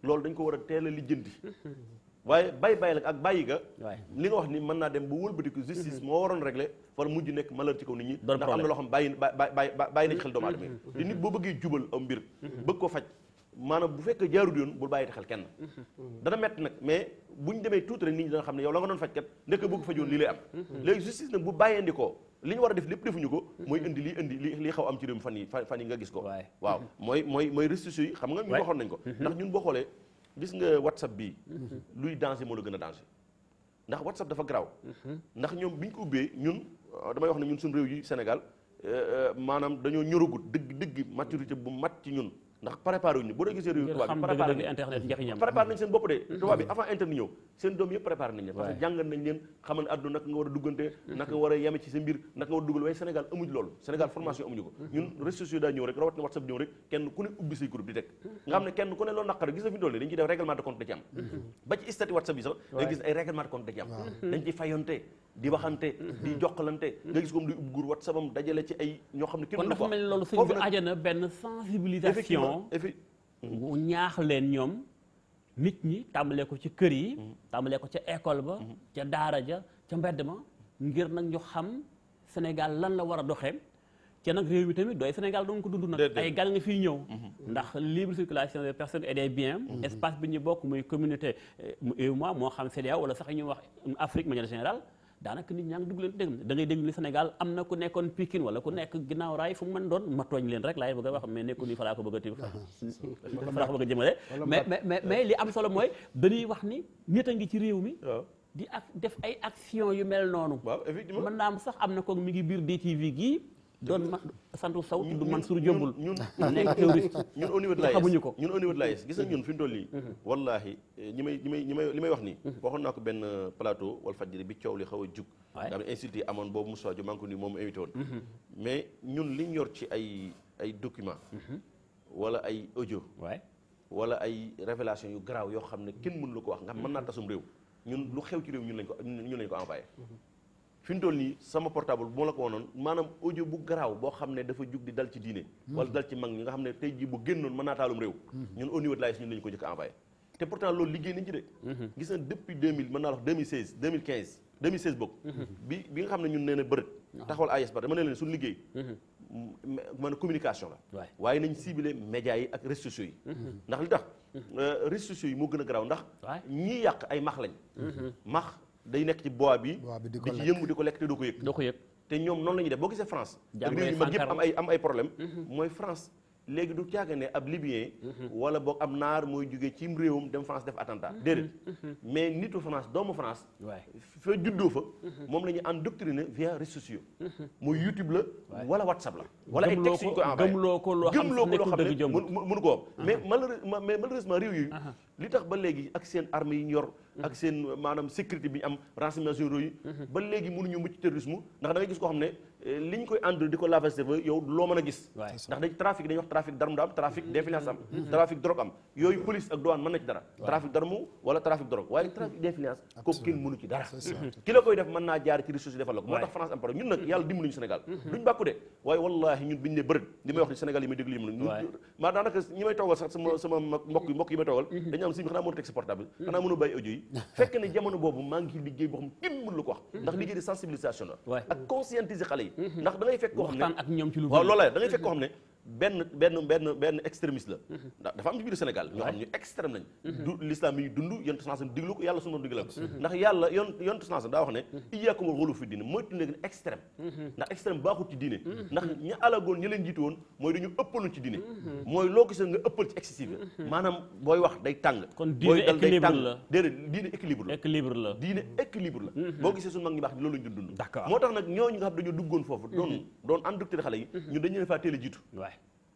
loolu dañ ko war a teel a lijjanti bay bay ak bàyyi ga li nga wax ni mën naa dem bu wëlbatiku justice moo waroon réglé wala mujj nek malheur ci kaw nit ñi ndax am na loo xam bàyyi bàyyi bàyyi nañ xel doomu aadama te nit boo bëggee jubal am mbir bëgg ko faj maanaam bu fekkee jaarul yoon bu bàyyi xel kenn dana mett nag mais bu ñu demee tuuti rek nit ñi dana xam ne yow la nga doon faj kat ndekk bëgg fajoon lii lay am léegi justice nag bu bàyyeendikoo li ñu war a def lépp defuñu ko mooy indi lii indi li lii xaw am ci réew mi fan yi fan yi nga gis ko waaw mooy mooy mooy restitution yi xam nga ñu waxoon nañ ko mhm. ndax ñun boo xoolee gis nga whatsapp bii mhm. luy danger moo la gën a danger ndax whatsapp dafa garaaw mhm. ndax ñoom bi ñu ko ubbee ñun euh, damay wax ne ñun suñu réew yi Sénégal euh, euh, maanaam dañoo ñoragut dëgg dëgg maturité bu mat ci ñun ndax préparé wuñu boo dee gisee réew tubaab bi préparé nañ préparé nañ de hmm. tubaab bi kenn ku ne ubbi hmm. de ci am hmm. ba ci statut WhatsApp yi sax dañ gis ay règlement de compte da ci am dañ ci fayonte di waxante di jokkalante nga gis comme di ub guur WhatsApp am dajale ci ay ñoo xam ne kenn kon dafa mel loolu sëñ bi ajana benn sensibilisation bu ñaax leen ñoom nit ñi tàmbalee ko ci kër yi mhm. tàmbalee ko ca école ba mhm. ca daara ja ca mbedd ma ngir nag ñu xam Sénégal lan la war a doxee ci nag réew mi tamit dooy Sénégal doon ko dund nag ay gan nga fiy ñëw mhm. ndax libre circulation des personnes et bien biens espace bi ñu bokk muy communauté UEMOA euh, moo xam CEDEAO wala sax ñu wax Afrique manière générale daanaka nit ñaa ngi dugg leen dégg da ngay dégg ni Sénégal am na ku nekkoon Pikine wala ku nekk ginnaaw raay fu mu doon ma tooñ leen rek laay bëgg a wax mais nekku ni fa laa ko bëgg a ti [laughs] fa laa ko li am solo mooy dañuy wax ni nit a ngi ci réew mi di ak def ay action yu mel noonu mën naa am sax am na kook mi ngi biir DTV gii doon ma santu saw tudd du Diombul ñun [laughs] nekk terroriste ñun au niveau de l'AES xamuñu ko ñun au niveau de l'AES gis na ñun fi ñu toll nii mm-hmm. wallaahi eh, ñi may ñi may ñi may li may wax nii mm-hmm. waxoon naa ko benn euh, plateau wal fajiri bi coow li xaw a jug daa am insultes yi amoon boobu mu soo maa ngi ko nuyu moom invité woon mm-hmm. mais ñun liñ yor ci ay ay document wala ay audio wala ay révélation yu garaaw yoo xam ne kenn mënu la ko wax nga mën naa tasum réew ñun lu xew ci réew ñun lañ ko ñun lañ ko envoyé fi mu toll nii sama portable bu ma la ko wonoon maanaam audio bu garaaw boo xam ne dafa jug di dal ci diine hmm. wala dal ci mag ñi nga xam ne tey jii bu génnoon mën naa taalum réew hmm. ñun au niveau de l'AS ñun lañu ko njëkk envoyé te pourtant loolu liggéey nañ ci hmm. na depuis 2000 mën naa la wax 2016 2015 2016 bokk bi bi na communication la waaye nañ ciblé médias yi ak réseaux sociaux yi ndax li tax euh, réseaux sociaux yi moo gën a garaw ndax ñii yàq ay max lañ max day nekk ci bois bi di ci yëngu di ko lekk te doo ko yëg doo ko yëg te ñoom noonu la ñuy def boo gisee France réew yi mag yëpp am ay am ay problème mhm. mooy France léegi du caaga ne ab libyen mhm. wala boo ab naar mooy jógee ci réewam dem France def attentat mhm. déedéet mais nitu France doomu France fa juddoo fa moom la ñuy endoctriné via réseaux mu mooy YouTube la wala WhatsApp la wala ay texte yu loo ko envoyé gëmloo ko loo xam ne mënu ko mais malheureusement réew yi li tax ba léegi ak seen armée yi ñu yor ak seen euh, maanaam sécurité bi ñu am renseignements généraux yi ba léegi mënuñu mucc terrorisme ndax da ngay gis koo xam ne euh, li ñu koy a gis ndax dañ trafic dañuy wax trafic def mën naa jaar ci ressources yi defal la moo tax France am pare ñun nag mm-hmm. yàlla dimbaluñu Sénégal mm-hmm. duñ bàkku de waaye wallahi ñun biñu ne bërët li may wax ni Sénégal yi may déglu yi ma daanaka ñi may toogal sax sama mbokk yi mbokk yi may toogal mm-hmm. man suñu xanaa mën a teg si portable xanaa mën a bàyyi audio [laughs] ne jamono boobu maa ngi liggéey boo xam kenn mënu la ko wax mm-hmm. ndax liggéey de sensibilisation la ak conscientiser mm-hmm. ndax da ngay fekk koo xam ne waaw loolu la benn benn benn benn extrémiste la mhm. ndax dafa am ci biir Sénégal ñoo xam ñu extrême lañ mhm. du l'islam yi dund yontu sansen diglu ko yàlla sunu borom digal ko mhm. ndax yon yontu sansen daa wax ne iyyakum wal ghuluw fi diine moytu nekk extrême ndax extrême baaxut woon mooy dañu ëppaloon ci diine mooy loo gisee nga ëppal ci excessive maanaam booy wax day tàng booy dal day tàng déedéet diine équilibre la diine équilibre la gisee suñu mag ñi baax loolu dund moo tax nag ñooñu nga xam dañoo duggoon foofu doon doon endoctriner xale yi ñu dañu leen faa teel jiitu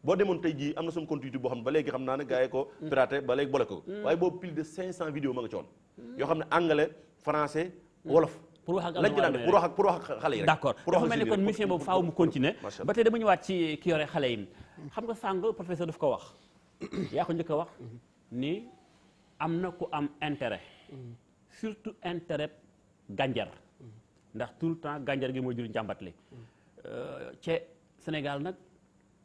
boo demoon tey jii am na sama compte boo xam ne ba léegi xam naa ne gars yi ko piraté ba léegi bloqué ko mm. waaye boobu plus de 500 vidéos ma nga coon mm. yoo xam ne anglais français wolof pour wax ak lañ pour wax ak pour wax ak xale yi rek d'accord dafa mel ni kon mission boobu faaw mu continuer xam nga sàng professeur daf ko wax yaa ko njëkk a wax ni am na ku am intérêt surtout intérêt gànjar ndax tout le temps gànjar gi mooy jur njàmbat li euh, ci Sénégal nag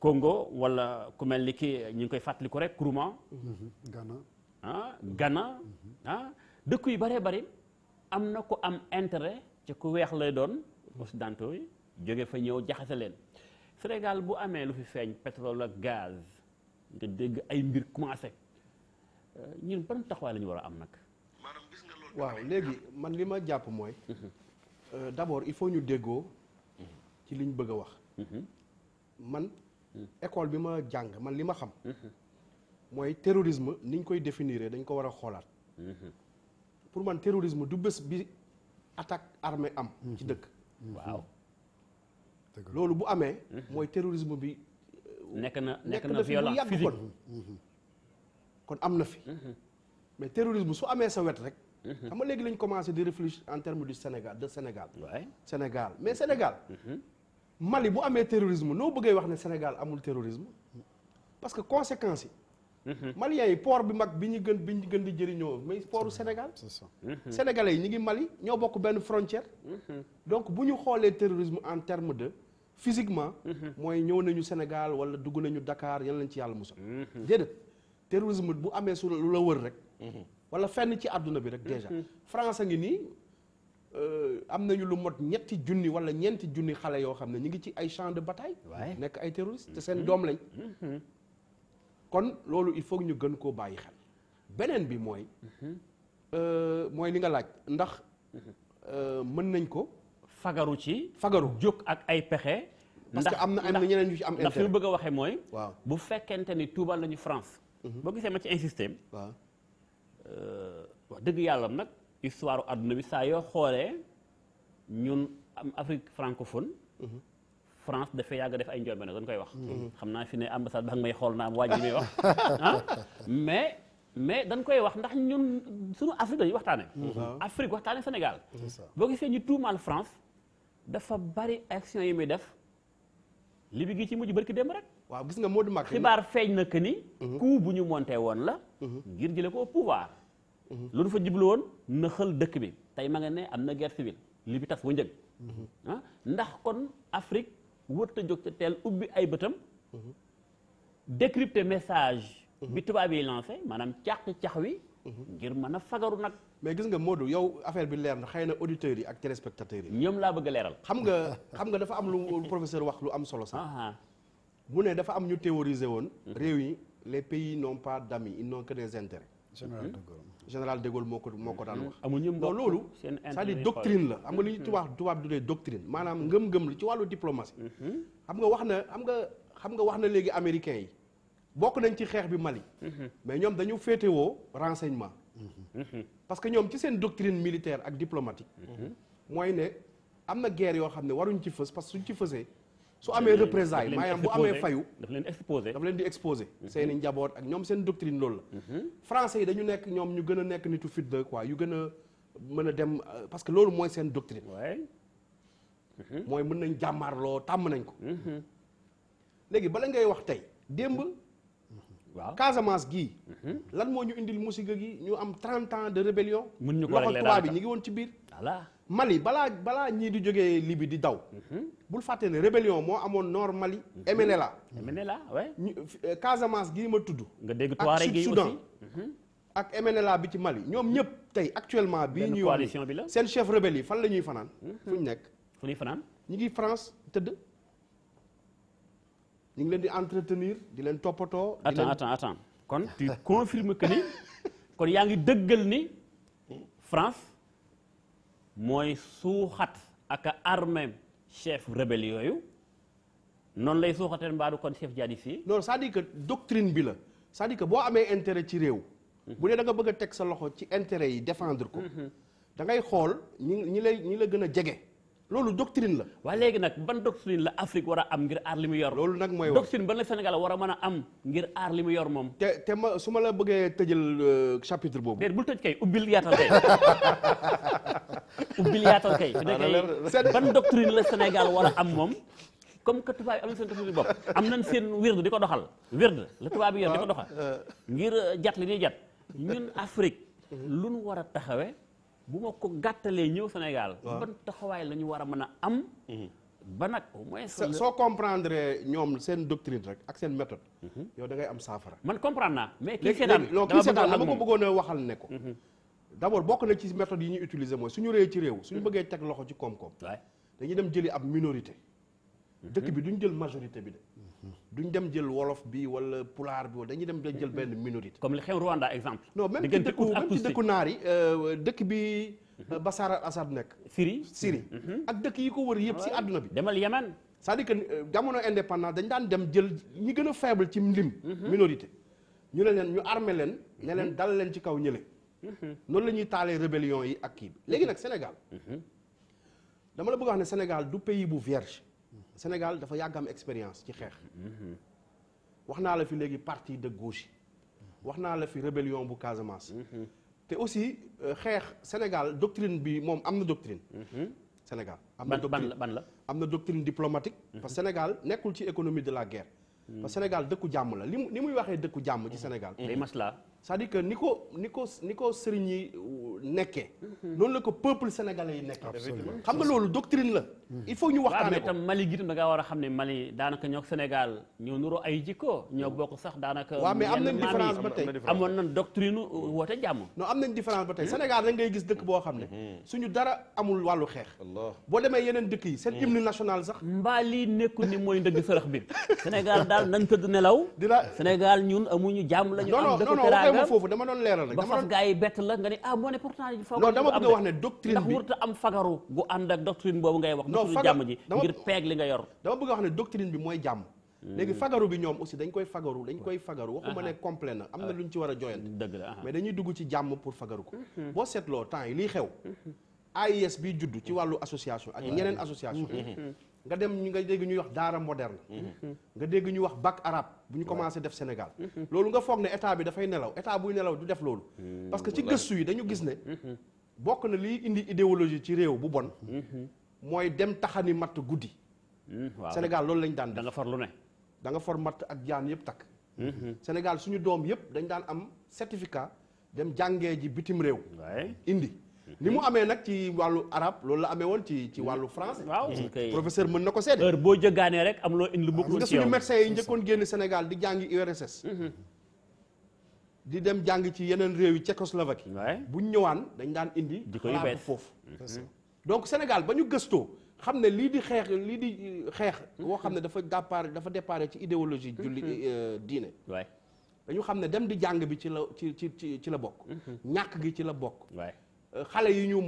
Congo wala ku mel ni ki ñu ngi koy fàttaliku rek Kourouma. Mhm. gana ah Ghana ah, dëkk yu bëree bëri am na ku am intérêt ci ku weex lay doon occidentaux yi jóge fa ñëw jaxase leen Sénégal bu amee lu fi feeñ pétrole ak gaz nga dégg ay mbir commencé eh, ñun ban taxawaay la war a am nag. waaw léegi man li ma jàpp mooy. Mhm. Euh, d'abord il faut ñu déggoo. Mhm. ci li ñu bëgg a wax. man. école bi ma jàng man li ma xam. Mhm. mooy terrorisme ni ñu koy définir dañ ko war a xoolaat. Mhm. pour man terrorisme du bés bi attaque armée am. Mhm. ci dëkk. waaw. loolu bu amee. mooy terrorisme bi. Euh, nekk na nekk na violence physique kon am na fi. mais terrorisme su amee sa wet rek. xam ma léegi lañ commencé di réfléchir en termes du Sénégal de Sénégal. Sénégal mais Sénégal. Mali bu amee terrorisme noo bëggee wax ne Sénégal amul terrorisme parce que conséquences mhm. Mali a yi port bi mag bi ñu gën bi ñu gën di jëriñoo mais portu Sénégal. Mhm. Sénégalais yi ñu ngi Mali ñoo bokk benn frontière. Mhm. donc bu ñu le terrorisme en terme de physiquement. mooy ñëw nañu Sénégal wala dugg nañu Dakar yal nañ ci yàlla musal. déedéet terrorisme bu amee su lu la wër rek. wala fenn ci àdduna bi rek déjà. France a ngi Euh, am nañu lu mot ñetti junni wala ñeenti junni xale yoo xam ne ñu ngi ci ay champs de bataille. nekk ay terroristes te seen mm-hmm. doom lañ. Mm-hmm. kon loolu il faut ñu gën koo bàyyi xel. beneen bi mooy. Mm-hmm. Euh, mooy li nga laaj ndax euh, mën nañ ko. fagaru ci. fagaru jóg ak ay pexe. parce que am na am ñeneen ñu ci am. ndax fi mu bëgg a waxee mooy. waaw bu fekkente ni tuubal nañu France. boo gisee ma ci insister. waaw wax dëgg yàlla nag. histoire àdduna bi saa yoo xoolee ñun am Afrique francophone. France dafay yàgg def ay njombe nag dañ koy wax. xam naa fi ne ambassade ba nga may xool naa am waa ji may wax [laughs] ah, mais. mais dañ koy wax ndax ñun suñu Afrique dañuy waxtaane Afrique waxtaane Sénégal boo gisee ñu tuumaal France dafa bari action yi muy def li gi ci mujj barki démb rek waaw gis nga xibaar feeñ na que ni mhm. coup bu ñu monté woon la mhm. ngir jële ko pouvoir lu nu fa jublu woon na xël dëkk bi tey ma nga ne am na guerre civile li bi tas wu njëg ah, ndax kon Afrique wërta jóg ca teel ubbi ay bëtam décrypter message bi tubaab yi lancé maanaam càq-cax wi ngir mën a fagaru nag mais gis nga Modou yow affaire bi leer na xëy na auditeurs yi ak téléspectateurs yi ñoom laa bëgg leeral xam nga xam nga dafa am lu [laughs] professeur wax lu am solo sax mu ne dafa am ñu théoriser woon réew yi les pays n'ont pas d'amis ils n'ont que des intérêts général de Gaulle moko ko moo wax. amuñu mbokk cest à doctrine la am nga li ñu mm-hmm. tubaab tubaab dudee doctrine manam ngëm-ngëm li ci walu diplomatie. Mm-hmm. xam nga wax na xam nga xam nga wax na léegi américains yi bokk nañ ci xeex bi Mali. Mm-hmm. mais ñom dañu wo renseignement. parce que ñom ci sen doctrine militaire ak diplomatique. mooy ne am na guerre yo xamné ne waruñ ci fës parce que suñ ci fësee. su amee représailles maanaam bu amee fayu daf leen exposé daf leen di exposé mhm. seen i njaboot ak ñoom seen doctrine loolu la mhm. français yi dañu nekk ñoom ñu gën a nekk nitu fit de quoi yu gën a mën a dem euh, parce que loolu mooy seen doctrine mhm. mooy mën nañ jàmmaarloo tàmm nañ ko léegi bala ngay wax tey démb waaw Casamance gii lan moo ñu indil musiga gi ñu am 30 ans de rébellion loxo tubaab bi ñu ngi woon ci biir voilà Mali bala bala ñii du Libye di daw. Mhm. bul rébellion nord Mali. MNLA. Mhm. MNLA euh, Casamance gi ma tuddu. nga ak MNLA bi ci Mali mhm. actuellement. chef rebelle fan la ñuy France ngi leen di entretenir di attends attends kon [laughs] tu confirmes que ni kon France. mooy suuxat ak a armé chef rebelle yooyu noonu lay suuxateen mbaa du kon chef jihadiste yi non c'est-à-dire que doctrine bi la cest à boo amee intérêt ci réew bu dee da nga bëgg a teg sa loxo ci intérêt yi défendre ko mhm. da ngay xool ñi ñi lay ñi la gën a jege loolu doctrine la. waa léegi nag ban doctrine la Afrique war a am ngir aar li mu yor. loolu nag mooy doctrine ban la Sénégal war a mën a am ngir aar li mu yor moom. te te ma su ma la bëggee tëjël euh, chapitre boobu. déedéet bul tëj kay ubbil yaatal kay [laughs] ubbil yaatal kay. ban doctrine la Sénégal war a am moom. comme que tubaab yi am nañ seen doctrine bopp am nañ seen wird di ko doxal. wird la tubaab yi yor di ko ah, doxal. Ah. ngir euh, jat li ñuy jat ñun Afrique. Mhm. lu nu war a taxawee. bu ma ko gàttalee ñëw Sénégal. ban taxawaay la ñu war a mën a am. Mhm. ba nag au moins. soo comprendre ñoom seen doctrine rek ak seen méthode. Mhm. yow da am saafara. man comprendre naa mais. kii seetaan dama ko bëggoon a waxal ne ko. Mhm. d' abord bokk na ci méthode yi ñu utiliser mooy suñu ree ci réew suñu bëggee teg loxo ci koom-koom. dañuy dem jëli ab minorité. dëkk bi du ñu jël majorité bi de. duñ dem jël wolof bi wala pulaar bi wala dañuy dem jël benn minorité. comme li xew Rwanda exemple. non même ci dëkku même ci dëkku naar yi euh, dëkk bi euh, Bachar al-Assad nekk. Syrie Syrie. Mhm. ak dëkk yi ko wër yëpp si àdduna bi. demal Yémen. c'est-à-dire que euh, jamono indépendance dañ daan dem jël ñi gën a faible ci lim. Mhm. minorité ñu ne leen ñu armé leen. ne mhm. leen dal leen ci kaw ñële. noonu la ñuy taalee rébellion yi ak kii bi léegi nag Sénégal. dama la bëgg a wax ne Sénégal du pays bu vierge. Sénégal dafa yàgg am expérience ci xeex. wax naa la fi légui parti de gauche wax naa la fi rébellion bu Casamance. té aussi euh, xeex Sénégal doctrine bi moom am doctrine. Sénégal amna doctrine ban la am doctrine diplomatique. parce que Sénégal nekul ci économie de la guerre. parce que Sénégal deku jamm la li mu ni muy waxee dëkku jàmm ci Sénégal. day maslaa c'est-à-dire que ni ko ni ko ni ko sëriñ yi euh, nekkee. Mhm. noonu la ko peuple sénégalais yi nekkee. xam nga loolu doctrine la. Mhm. il faut ñu wax ko ne tam Mali gi tam da war a xam ne Mali daanaka ñoo Sénégal ñoo nuru ay jikko ñoo bokk sax daanaka. waaw mais am nañ différence ba tey amoon nañ doctrine mhm. woote jàmm. am nañ différence ba tey Sénégal da ngay gis dëkk boo xam ne. suñu dara amul wàllu xeex. boo demee yeneen dëkk yi seen hymne national sax. mbaa lii nekkul ni mooy ndëgg sërëx bi [laughs] Sénégal daal nañ tëdd nelaw. Sénégal ñun amuñu jàmm lañu am ma foofu dama doon leeral rek. ba fas gaa yi bett la nga ah, ne ah moo ne bëgg a wax ne doctrine bi ndax warut am ak doctrine boobu ngay wax. non fagaru jàmm ji ngir peeg li nga yor. dama bëgg a wax ne doctrine bi mooy jàmm. Hmm. léegi fagaru bi ñoom aussi dañ koy fagaru dañ koy fagaru waxuma ne complet na am na ah. ñu ci war a joyante dëgg la mais dañuy dugg ci jàmm pour fagaru ko hmm. boo seetloo temps yi liy xew hmm. AIS bi judd ci wàllu association ak ñeneen association nga dem ñu nga dégg ñuy wax daara moderne nga dégg ñu wax bac arab bu ñu commencé def Sénégal lolu nga fogg né état bi da fay nelaw état bu nelaw du def lolu parce que ci geussu yi dañu gis né bokk na li indi idéologie ci réew bu bon moy dem taxani mat goudi Sénégal lolu lañ daan da nga for lu né da nga for mat ak jaan yépp tak mhm. Sénégal suñu dom yépp dañ daan am certificat dem jangé ji bitim réew indi ni mu amee nag ci wàllu arab loolu la amee woon ci ci wàllu français. waaw mm-hmm. mën na ko seede. heure boo jëggaanee rek am loo indi lu bokkul ci yow. suñu médecins yi njëkkoon génn Sénégal di jàngi URSS. Mm-hmm. di dem jàng ci yeneen réew yi Tchécoslovaquie. bu ñu ñëwaan dañ daan indi. di ko xalaatu foofu. Mm-hmm. donc Sénégal ba ñu gëstoo. xam ne lii di xeex lii di euh, xeex boo xam ne dafa départ dafa départ ci idéologie julli euh, diine dañu xam ne dem di jàng bi ci la ci ci ci la bokk ñàkk gi ci la bokk xale yi ñu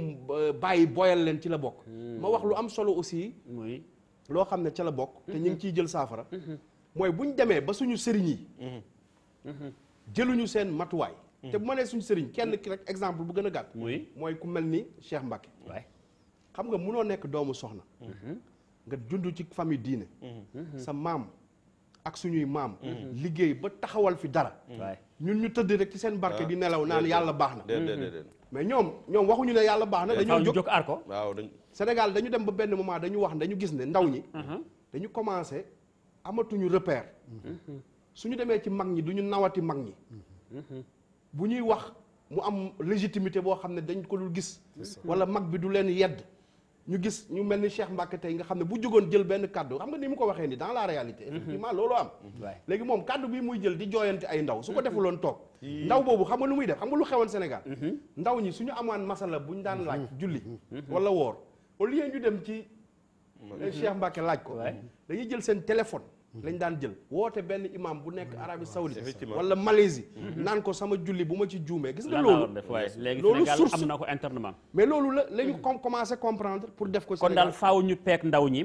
bàyyi boyal leen ci la bokk. Hmm. ma wax lu am solo aussi. loo xam ne ca la bokk. te ñu ngi ciy jël saafara. Hmm. Hmm. mooy bu ñu demee ba suñu sëriñ yi. jëluñu seen matuwaay. te bu ma nee suñu sëriñ kenn ki rek exemple bu gën a gàtt. mooy ku mel ni Cheikh Mbacke. xam nga munoo nekk doomu soxna. nga jund ci famille diine. sa maam ak suñuy maam. liggéey ba taxawal fi dara. ñun ñu tëdd rek ci seen barke ah. di nelaw naan yàlla baax na. mais ñoom ñoom waxuñu ne yàlla baax na dañoo jóg aar ko waaw Sénégal dañu dem ba benn moment dañu wax dañu gis ne ndaw ñi mhm. dañu commencé amatuñu repère suñu demee ci mag ñi duñu nawati mag ñi mhm. bu ñuy wax mu am légitimité boo xam ne dañ ko dul gis wala mag bi du leen yedd ñu gis ñu melni Cheikh Mbacke tay nga xamne bu jógoon jël ben cadeau xam nga ni mu ko waxee ni dans la réalité mhm. effectivement lolu am légui mom cadeau bi muy jël di jooyante ay ndaw suko mhm. defulon tok ndaw bobu xam nga lu muy def xam nga lu xewoon Sénégal mhm. ndaw ñi suñu amaan masala buñ daan laaj julli wala wor au lieu ñu dem ci Cheikh Mbacke laaj ko dañuy jël sen téléphone lañ daan jël woote benn imam bu nekk Arabie Saoudite wala Malaisie naan ko sama julli bu ma ci juumee gis nga loolu loolu source am na ko internement mais loolu la la ñu commencé comprendre pour def ko kon daal faaw ñu peeg ndaw ñi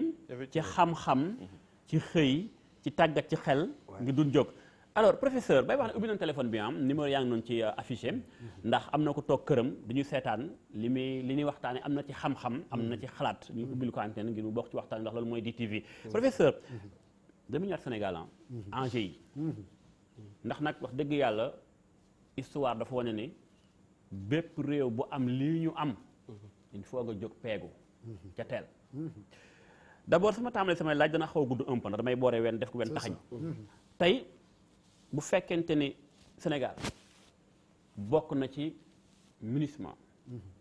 ci xam-xam ci xëy ci tàggat ci xel ngi du jóg alors professeur bay wax ne ubbi nañ téléphone bi am numéro yaa ngi noonu ci euh, affiché ndax am na ko toog këram du ñu seetaan li muy li ñuy waxtaane am na ci xam-xam am na ci xalaat ñu ubbil ko antenne ngir mu bokk ci waxtaan ndax loolu mooy DTV dama ñëwaat Sénégal ah. mhm. mhm. nag wax dëgg yàlla histoire dafa ne bépp réew bu am lii ñu am. Mhm. il faut nga jóg peegu. ca teel. d' abord sama laaj dana xaw a gudd damay booree wenn def ko wenn taxañ. tey bu fekkente ni Sénégal bokk na ci MINUSMA.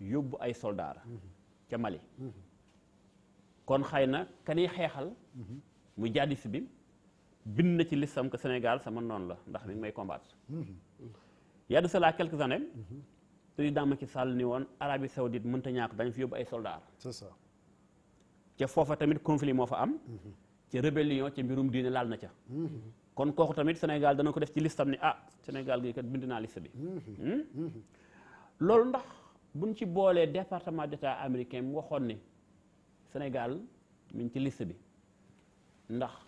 yóbbu ay soldats ca Mali. kon xëy na ka xeexal. mu jàddis bi. bind na ci sam ko Sénégal sama noonu la ndax dañ may combattre. y a de cela quelques années. président Macky Sall ni woon Arabie Saoudite mënta ñàkk dañu fi yóbbu ay soldats. c'est ça. ca foofa tamit conflit moo fa am. Mm-hmm. ca rébellion ca mbirum diine laal na ca. Mm-hmm. kon kooku tamit Sénégal dana ko def ci listam ni ah Sénégal gi kat bind naa liste bi. Mm-hmm. Hmm? loolu ndax buñ ci boolee département d'état américain mu waxoon ni Sénégal mi ngi ci list bi ndax.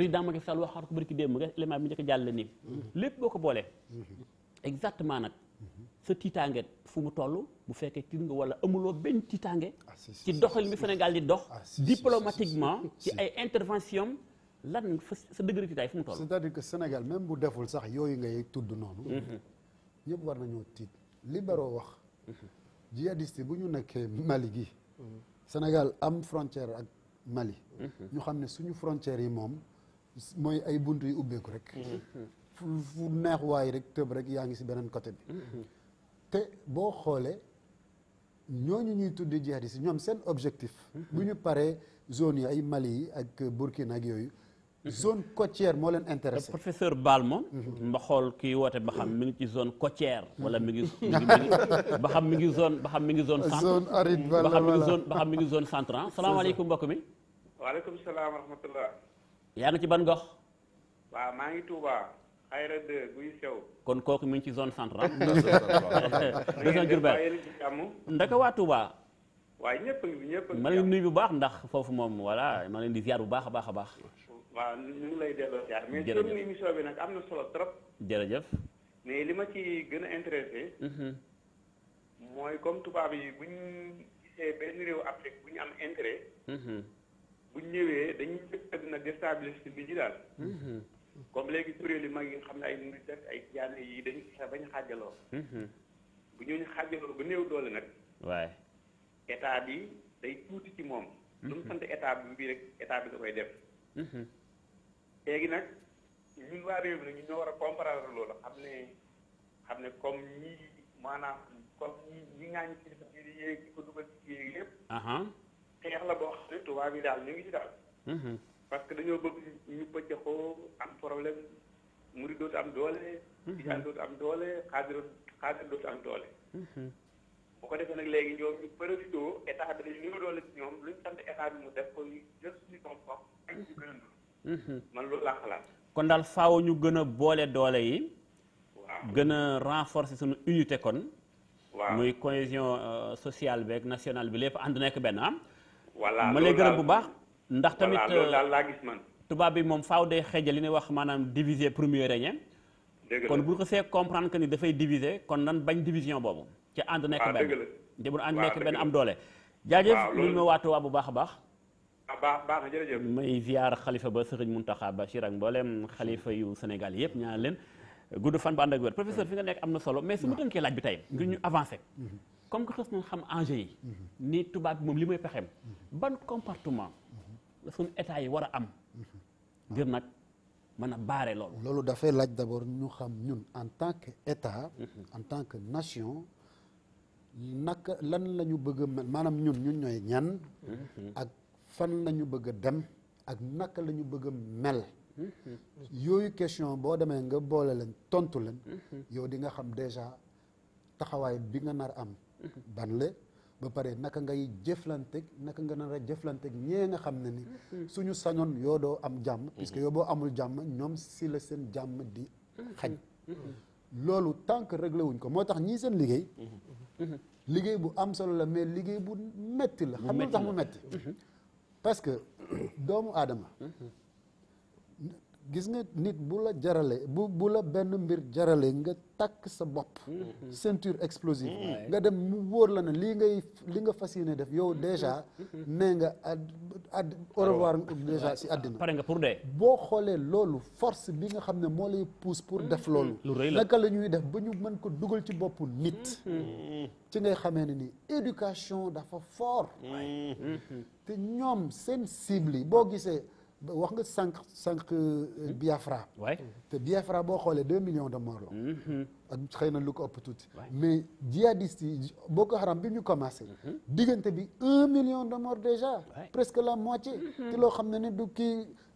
li daam Macky Sall waxaat ko barki démb rek élément bi njëkk jàll la nii mhm. lépp boo ko boolee mhm. exactement nag mhm. sa tiitaange fu mu toll bu fekkee tiit nga wala amuloo benn tiitaange ah, ci doxal mi Sénégal di dox ah, diplomatiquement ci ay intervention lan fa sa degré tiitaay fu mu toll c'est-à-dire que Sénégal même bu deful sax yooyu ngay tudd noonu ñëpp war nañoo tiit libéraux wax jihadiste bu ñu nekkee Mali gi Sénégal am frontière ak Mali ñu xam ne suñu frontières yi moom mooy ay buntu yu ubbeeku rek. fu neex waay rek tëb rek yaa ngi si beneen côté bi. te boo xoolee ñooñu ñuy tudd di si ñoom seen objectif. bu ñu paree zone yi ay Mali yi ak Burkina ak yooyu. zone côtière moo leen intéressé. professeur Baal moom. ma xool kii woote ba xam mi ngi ci zone côtière. wala mi ngi ba xam mi ngi zone ba xam mi ngi zone. zone aride ba xam mi ngi zone ba xam mi ngi zone centre ah. mbokk mi. waaleykum salaam wa yaa ngi ci ban gox. waaw maa ngi tuuba xayra de guy sew. kon kooku mu ngi ci zone centre ah. [laughs] [laughs] région Diourbel ndaka waa Touba. waaye ñëpp ñëpp ma leen nuyu bu baax ndax foofu moom voilà ma leen di ziar bu baax a baax a baax. waa ñu ngi lay delloo ziar. mais seen émission bi nag am na solo trop. jërëjëf. mais li ma ci gën a intéressé. Mhm. mooy comme tubaab yi bu ñu gisee benn réew Afrique bu ñu am intérêt. Mhm. bu ñëwee dañuy fekk nag déstabiliser bi ñi daal. Mm-hmm. comme léegi kuréel yu mag yi xam ne ay nu ak ay jaan yi dañu fexe bañ xaajaloo. Mm-hmm. bu ñooñu xaajaloo ba néew doole nag. waaye état bi day tuuti ci moom. Mm-hmm. lu mu sant état bi bii rek état bi da koy def. léegi nag ñun waa réew mi nag ñu ñoo war a comprendre loolu xam ne xam ne comme ñii maanaam comme ñi ñi ngaañ ci biir yéeg di ko dugal ci yéeg yëpp. xeex la boo xam ne tubaab yi daal ñu ngi ci daal. Mhm. parce que dañoo bëgg ñu pëccëxoo am problème murid dootu am doole. Mhm. doole xaadir xaadir am doole. Mhm. bu ko defee nag léegi ñoom ñu profité état bi dañu néew doole ci ñoom luñ sant état bi mu def ko jël suñu koom-koom ñu gën a kon daal faaw ñu gën a boole doole yi. gën a renforcer suñu unité kon. waaw muy cohésion euh, sociale beeg nationale bi lépp ànd nekk benn am ah. voilà ma lay gërëm bu baax ndax tamit loolu euh, tubaab bi moom faaw day xeeja li ñuy wax maanaam diviser premier régner kon bu see comprendre que ni dafay diviser kon nan bañ division boobu ci ànd nekk benn di bu am doole jaajëf lu bu baax a baax ah, baax baax na jërëjëf may ziar xalifa ba sëriñ Muntaxa Bachir ak mboolem xalifa yu Sénégal yëpp ñaan leen gudd fan ba ànd ak wér professeur fi nga nekk am na solo mais su ma tënkee laaj bi tey ngir ñu avancé mm-hmm. comme que xas nañ xam enjeu yi. ni tubaab bi moom li may pexeem. ban comportement la suñu état yi war a am. ngir nag mën a baare loolu. loolu dafay laaj d' abord ñu xam ñun en tant que état. en tant que nation. naka lan lañu bëgg a maanaam ñun ñu ñooy ñan. ak fan la ñu bëgg a dem. ak naka lañu bëgg mel. yooyu question boo demee nga boole lañ tontu leen. yow di nga xam déjà taxawaay bi nga nar am. ban la ba pare naka ngay jëflanteeg naka nga nar a jëflanteeg ñee nga xam ne ni mm-hmm. suñu sañoon yoo doo am jàmm mm-hmm. puisque yoo boo amul jàmm ñoom si la seen jàmm di mm-hmm. xañ loolu tànk que wuñ ko moo tax ñii seen liggéey liggéey bu am solo la mais liggéey bu metti la xam tax mu metti parce que doomu aadama gis nga nit bu la jarale bu bu la benn mbir jarale nga tak sa bop mm-hmm. ceinture explosive mm-hmm. nga dem mu wor la ne li ngay li nga fasiyene def yow mm-hmm. déjà nee nga ad au revoir déjà si adina paré nga pour dé bo xolé lolu force bi nga xamné ne lay pousse pour def lolu naka la ñuy def ba ñu mën ko duggal ci bop nit ci ngay xamé ne ni éducation dafa fort té ñom seen cible yi wax nga sank sank euh, biafra te biafra bo xolé 2 millions de morts la mm-hmm. ak xeyna lu ko upp tout mais djihadiste boko haram bi ñu commencé 1 mm-hmm. million de morts déjà presque la moitié ci mm-hmm. lo xamné ni du ki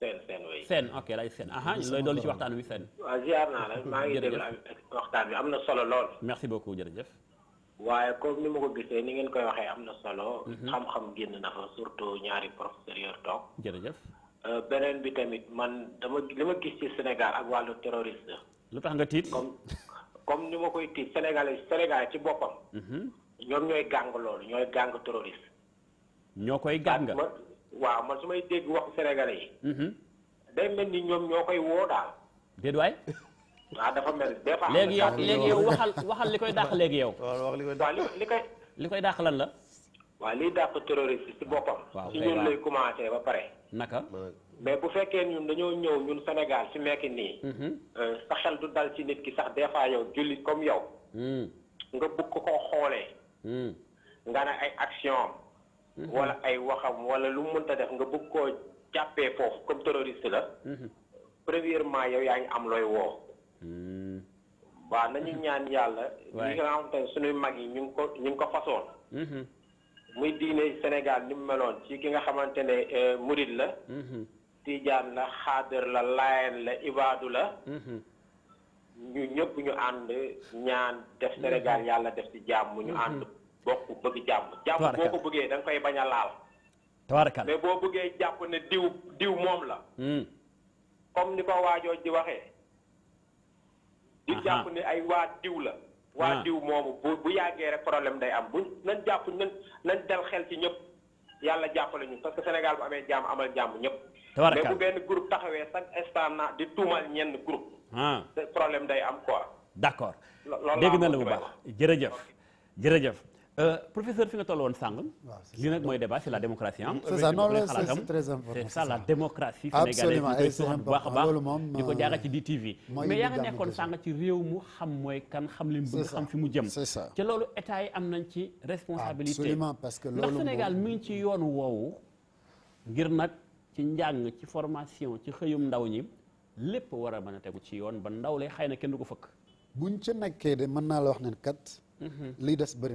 seen seen way seen ok lay seen aha looy dolli ci waxtaan wi seen waaw ziar naa la maa ngi déglu waxtaan bi am na solo lool merci beaucoup jërëjëf waaye comme ni ma ko gisee ni ngeen koy waxee am na solo mhm. xam-xam génn na fa surtout ñaari professeur yor toog jërëjëf euh, beneen bi tamit man dama li ma gis ci Sénégal ak wàllu terroriste lu tax nga tiit comme comme ni ma koy tiit senegal Sénégal ci boppam mhm. ñoom ñooy gàng lool ñooy gàng terroriste ñoo koy gàng waaw man su may dégg waxu sénégalais yi. Mhm. day mel ni ñoom ñoo koy woo daal. déedéet waay. waaw dafa mel des fois. léegi yow léegi yow waxal waxal li koy dàq léegi yow. waaw li koy li koy. li koy dàq lan la. waaw liy dàq terroriste ci boppam. waaw ci ñun commencé ba pare. naka. mais bu fekkee ñun dañoo ñëw ñun Sénégal fi nekk nii. Mhm. Euh, sa xel du ci nit ki sax des fois yow jullit comme yow. Mhm. nga bëgg ko koo xoolee. nga ne ay action Mhm. wala ay waxam wala lu mu mënta def nga bëgg koo jàppee foofu comme terroriste la. Mhm. premièrement yow yaa ngi am looy woo. Mhm. waaw nañu ñaan yàlla. waay suñuy mag yi ñu ngi ko ñu ngi ko façon. muy diine Sénégal ni mu meloon ci ki nga xamante ne euh, murid la. tijaan la xaadar la laayeen la ibaadu la. ñu ñëpp ñu ànd ñaan def Sénégal yàlla def ci jàmm ñu ànd. bokk bëgg jàmm jàmm boo ko bëggee da nga koy bañ a laal tabarakal mais boo bëggee jàpp ne diw diw moom la hmm. comme ni ko di waxee di jàpp ne ay waa diw la waa ah. diw moomu bu bu yàggee rek problème day am bu nañ jàpp nañ nañ dal xel ci ñëpp yàlla jàppale ñu parce que Sénégal bu amee jàmm amal jàmm ñëpp mais bu benn groupe taxawee chaque instant na di tuumal ñenn groupe ah. problème day am quoi d'accord dégg na la bu baax jërëjëf jërëjëf Euh, professeur fi nga toll woon sàng. lii nag mooy débat c'est la démocratie ah. c'est ça la démocratie. sénégalaise ñu koy suuxat bu baax a baax di ko jaaga ci euh, ci réew mu xam mooy kan xam li mu bëgg xam fi mu jëm. c'est ça ca loolu état yi am nañ ci responsabilité. absolument que loolu ndax Sénégal mi ngi ci yoon woowu ngir nag ci njàng ci formation ci xëyum ndaw ñi lépp war a mën a tegu ci yoon ba ndaw lay xëy na kenn du ko fëkk. buñ ca nekkee de mën naa la wax ne kat. Mhm. liy des bëri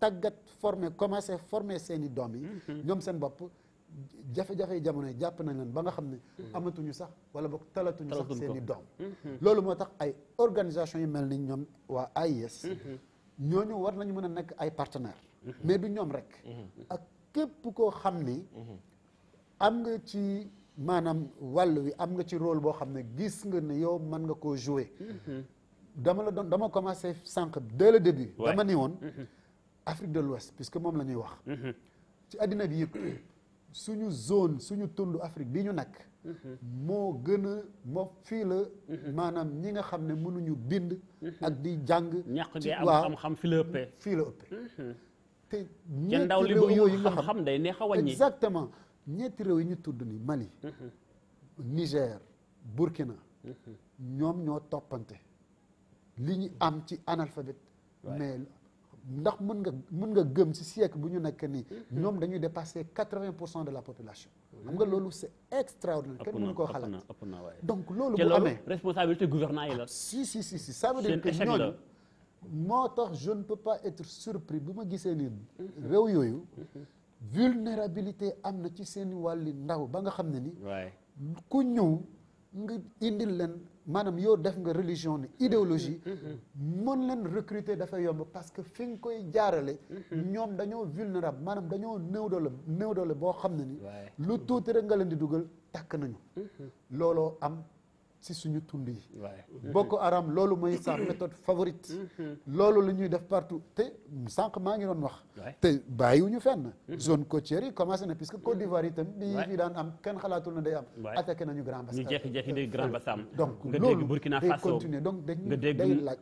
tàggat former commencé former seeni i doom yi. Mm-hmm. ñoom seen bopp jafe-jafe jamono yi jàpp nañ leen ba nga xam ne. Mm-hmm. amatuñu sax wala boo talatuñu sax seen doom. Mm-hmm. loolu moo tax ay organisation yu mel ni ñoom waa ñoo ñooñu war nañu mën a nekk ay partenaires. mais bi ñoom rek. ak képp ko xam ni. am nga ci maanaam wàll wi am nga ci rôle boo xam ne gis nga ne yow man nga koo jouer. dama la doon dama commencé sànq dès le début. dama ni woon. Afrique de l'Ouest puisque moom la ñuy wax. Mhm. ci àddina bi yëpp suñu zone suñu tund Afrique bi ñu nag. Mhm. moo gën a moo fii la. Mhm. maanaam ñi nga xam ne mënuñu bind. ak di jàng. ñàkk gi am xam-xam fii la ëppee fii la ëppee. te ñetti réew day neex a wàññi exactement ñetti réew yi ñu tudd ni Mali. Niger Burkina. ñoom ñoo toppante li ñu am ci analphabète mais ndax mën nga mën nga gëm ci siècle bu ñu nekk nii ñoom dañuy dépasser 80 de la population xam nga loolu c'est extraordinaire kenn mënu koo xalaat donc loolu bu amee responsabilité gouvernement yi la si si si si ça veut dire que ñooñu moo tax je ne peux pas être surpris bu ma gisee ni réew yooyu vulnérabilité am na ci seen wàlli ndaw ba nga xam ne ni ku ñëw nga indil leen maanaam yow def nga religion ni idéologie mm-hmm. Mm-hmm. mën leen recruter dafa yomb parce que fi nga koy jaarale mm-hmm. ñoom dañoo vulnérable maanaam dañoo néew doole néew doole boo xam ne ni lu tuuti rek nga leen di dugal takk nañu looloo am C'est suñu tund Boko Haram loolu mooy sa méthode favorite mhm. loolu la ñuy def partout te sànq maa ngi doon wax te bàyyiwuñu fenn mhm. zone côtière comment ça na puisque Côte d'Ivoire itam bi fi daan am kenn xalaatul na day am attaqué nañu Grand Bassam ñu jékki-jékki de Grand Bassam donc loolu Burkina Faso continuer donc dañu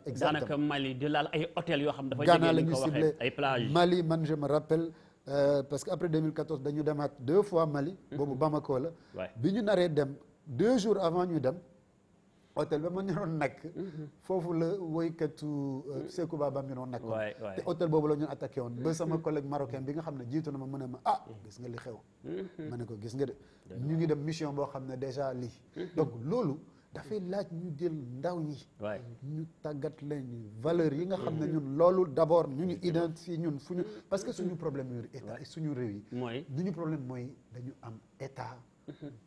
exactement Mali de laal ay hôtel yo xam dafa Ghana la ñu ciblé ay plage Mali man je me rappelle Euh, parce que après 2014 dañu demaat deux fois Mali mhm. boobu Bamako la bi ñu naree dem deux jours avant ñu dem hôtel ba ma ñu doon nekk. Mhm. foofu la woykatu euh, mhm. Sekou Baba mi doon nekkoon. te hôtel boobu la ñu attaqué won ba sama mhm. collègue marocain bi nga xamné jitu na ma mëna ma ah gis nga li xew. mané ko gis nga dé ñu ngi dem mission bo xamné déjà li donc loolu dafay laaj ñu jël ndaw ñi. ñu tagat leen valeur yi nga xamné ñun lolu d'abord ñu ñu identifié ñun fuñu parce que suñu problème yu état et suñu réew yi. duñu problème moy dañu am état.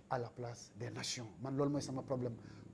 à la place des nations man lolu moy sama problème.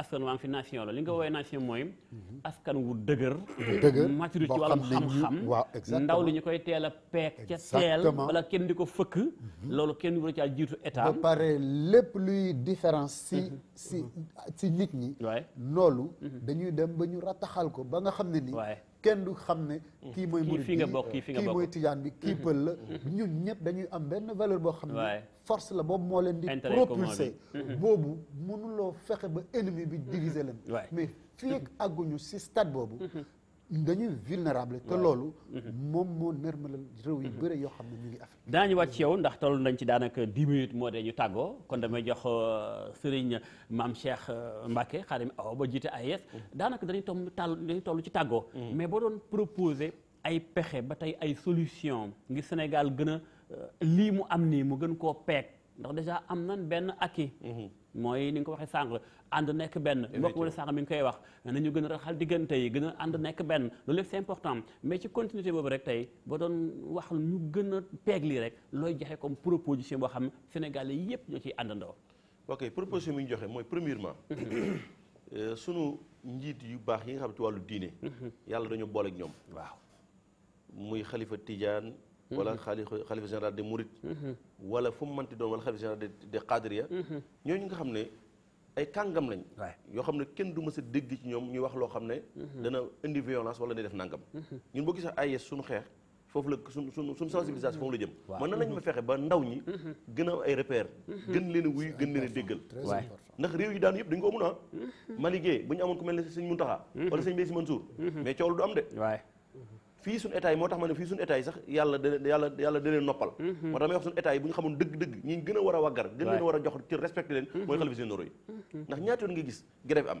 askan waa fi nation la li nga woowee nation mooy askan wu dëgër dëgër maturu ci wàllum xam-xam ndaw li ñu koy teel a peek ca teel wala kenn di ko fëkk mhm. loolu kenn wara caa jiitu état ba pare lépp luy différence si mhm. si si nit ñi loolu mhm. dañuy dem ba ñu rattaxal ko ba nga xam ne ni kenn du xam ne mm. kii mooy murid bi kii mooy tijaan bi kii mm-hmm. pël la mm-hmm. ñun ñëpp dañuy am benn valeur boo xam ne force la boobu moo leen di propulser mm-hmm. boobu mënuloo fexe ba ennemi bi diviser leen mais fii ak àgguñu si stade boobu dañuy vulnérable te loolu mhm. moom moo nërmalal réew yu mhm. bëri yoo xam ne ñu ngi Afrique daañu wàcc yow ndax toll nañ ci daanaka dix minutes moo dee ñu tàggoo kon damay jox euh, Serigne Maam Cheikh euh, Mbacke Xaadim Awa ba jiite ay AES mhm. daanaka dañuy toll dañuy toll ci tàggoo mais boo doon proposer ay pexe ba tey ay solution ngir Sénégal gën a euh, lii mu am nii mu gën koo peek ndax déjà am na benn ak i mooy ni nga ko waxee sànq ànd nekk benn mbokk wala sànq mi ngi koy wax nañu gën a raxal diggante yi gën a ànd nekk benn loolu yëpp c'est important mais ci continuité boobu rek tey ba doon wax ñu gën a peeg lii rek looy joxe comme proposition boo xam ne Sénégalais yëpp ñoo ciy àndandoo ok proposition bi ñu joxe mooy premièrement [coughs] euh, sunu njiit yu baax yi nga xam ci wàllu diine mhm. yàlla dañu boole ak ñoom waaw muy xalifa Tidiane wala mhm. xalifa xalifa général des Mourides. Mhm. wala fu mu mënti doon wala xalifa général des Qadiriya. Mhm. ñooñu nga xam ne ay kàngam lañ. yoo xam ne kenn du ma a dégg ci ñoom ñu wax loo xam ne. dana indi violence wala day def nangam. ñun boo gisee ay suñu xeex. foofu la sunu suñ suñ sensibilisation foofu la jëm. waaw man nan lañ ma fexe ba ndaw ñi. gën a am ay repères. gën leen a gën leen a déggal. ndax réew yi daan yëpp dañ ko amun ah. Malick Guèye bu ñu amoon ku mel ne sëñ Mountakha. wala sëñ Bassirou Mansour. mais am de. fii suñu état yi moo tax ma ne fii suñu état yi sax yàlla da yàlla yàlla da leen noppal mhm. wax suñu état yi bu ñu xamoon dëgg-dëgg ñi gën a war a waggar gën leen war a jox ci respecté leen mooy mhm. xalifa généraux yi mhm. ndax ñaata yoon nga gis grève am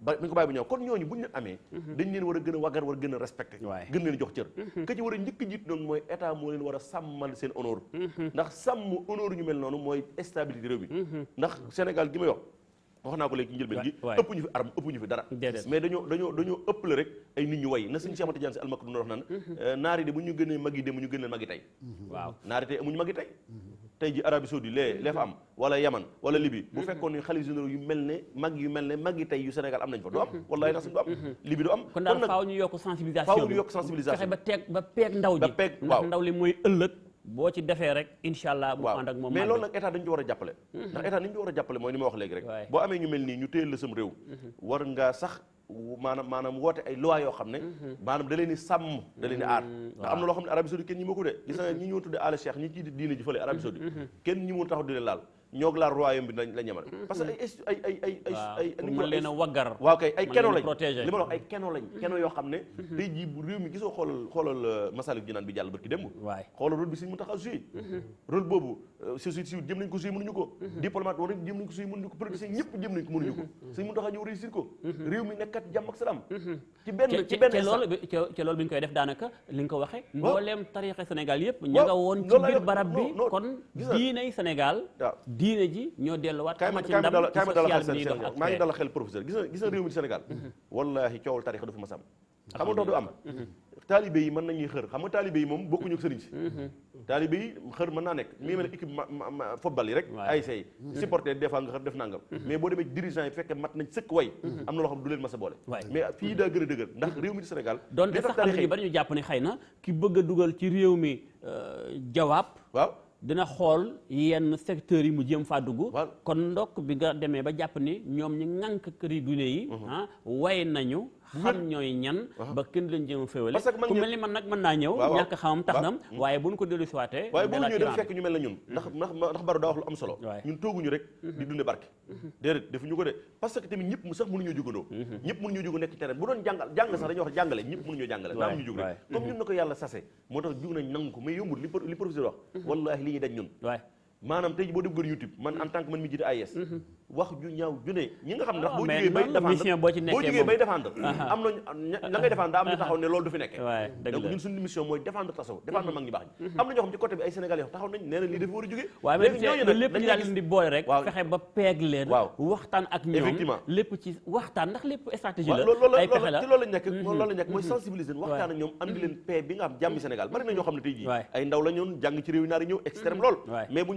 ba nañ ko bàyyi bu ñëw kon ñooñu buñ leen amee mhm. dañ leen war a gën a wagar war a gën a respecté gën leen jox cër mhm. ka ci war a njëkk jiit noonu mooy état moo leen war a sàmmal seen honneur mhm. ndax sàmm honneur ñu mel noonu mooy stabilité réew bi ndax Sénégal gi may wax wax naa ko léegi ci njëlbeen gi ëpp ñu fi arme ëpp ñu fi dara mais dañoo dañoo ëpp la rek ay nit ñu way na suñu Cheikh Ahmad Tidiane Sy Al Maktoum na wax naan mm-hmm. euh, naari de bu ñu gënee magi de mu ñu gënal magi tey mm-hmm. waaw naari mm-hmm. ji Arabie Saoudi lee lee fa am wala Yaman wala Libye bu fekkoon ne xalifa yu mel ne mag yu mel ne mag yi tey yu Sénégal am nañ fa du am wallahi na suñ du am Libye du am kon daal faaw ñu yokk sensibilisation faaw ba teeg ba peeg ndaw ji ba peeg ndaw boo ci defee rek incha allah mu ànd ak moom mais loolu nag état dañu ci war a jàppale mm-hmm. ndax état li ñu ci war a jàppale mooy ni ma wax léegi rek boo amee ñu mel nii ñu téyel la sam réew mm-hmm. war ngaa sax maanaam maanaam woote ay loi yoo xam ne mm-hmm. maanaam da leen di sàmm da leen di aar ndax am na loo xam ne Arabie Saoudite kenn ñi ma ko de gis nga ñi ñoo tudde Al Cheikh ñi ci diine ji fële Arabie Saoudite kenn ñi mu taxaw di leen laal ñok la roi royaume bi la ñemal parce que ay ay ay ay ay mën leen leena wagar wa kay ay keno lañ li ma wax ay keno lañ keno yo xamne day tey jii bu réew mi gisoo xolal xolal euh, masalik ji naan bi jall barki démb waay xoolal rôle bi seigne mu tax a joué rôle boobu euh, société civile jéem nañ ko joué mënuñu ko diplomate war dem nañ ko joué mënuñu ko politicien ñepp dem nañ ko mënuñu ko seigne mu ñu réussir ko rew mi nekkat jam ak salam ci benn ci benn ci loolu bi ñu koy def danaka li nga ko waxe mbooleem tariikh senegal yépp ñinga won ci bir barab bi kon diiné senegal diine ji ñoo delluwaat. kaay ma kaay ma dalal xel professeur gis na réew mi Sénégal. Mm-hmm. wallaahi coowal tarixa dafa ma sàmm. Mm-hmm. xam nga dox mm-hmm. taalibe yi mën nañuy xër xam nga taalibe yi moom bokkuñu sëriñ si. taalibe yi xër mën naa nekk mii mel ne équipe football yi rek ay say supporter des nga xër def nangam mais boo demee dirigeant yi fekkee mat nañ sëkk way am na loo xam du leen mas a boole mais fii daa gën a dëgër ndax réew mi di Sénégal donte sax am na a dina xol yenn secteur yi mu jëm fa dugg kon ndok bi nga démé ba japp ni ñom ñi kër yi dune mhm. yi ah way nañu xam ñooy ñan ba kenn leen jëm féewale ku mel naa ñëw ñàkk xamam tax nam waaye buñ ko dellu siwaatee waaye bu ñu dem fekk ñu mel na ñun mm-hmm. ndax ndax ndax ñun tooguñu rek di mm-hmm. dunde barke mm-hmm. déedéet defuñu ko de parce que ñëpp mu sax mënuñoo jógandoo ñëpp mënuñoo jóg nekk terrain bu doon jàngal jàng sax dañuy wax jàngale ñëpp mënuñoo jàngale daa am ñu jóg rek comme ñun na ko yàlla sase moo tax jóg nañ nangu ko mais yombul li professeur wax wallahi li ñuy daj ñun manam tay bo deugul YouTube man en tant que man mi jidi AIS. Mhm. wax ju ñaw ju ne ñi nga xam ndax ah, bo jige bay défendre bo jige bay défendre am na la ngay défendre am ñu taxaw ne loolu du fi nekk donc ñun suñu mission mooy défendre tasaw défendre mhm. mag ñi bax ñi mhm. am na ñoo xam ci côté bi ay sénégalais yoo taxaw nañ nee li lii dafa war a jugee waaw mais ñoo ñu lepp ñu dal di boy rek fexé ba peeg leen waaw waxtaan ak ñoom lepp ci waxtaan ndax lepp stratégie la ay pexe la ci loolu lañ nekk loolu lañ nekk moy sensibiliser waxtaan ak ñoom andi leen paix bi nga am jamm Sénégal bari na ñoo xam ne tay ji ay ndaw la ñoon jang ci réew yi naar yi extrême lool mais buñ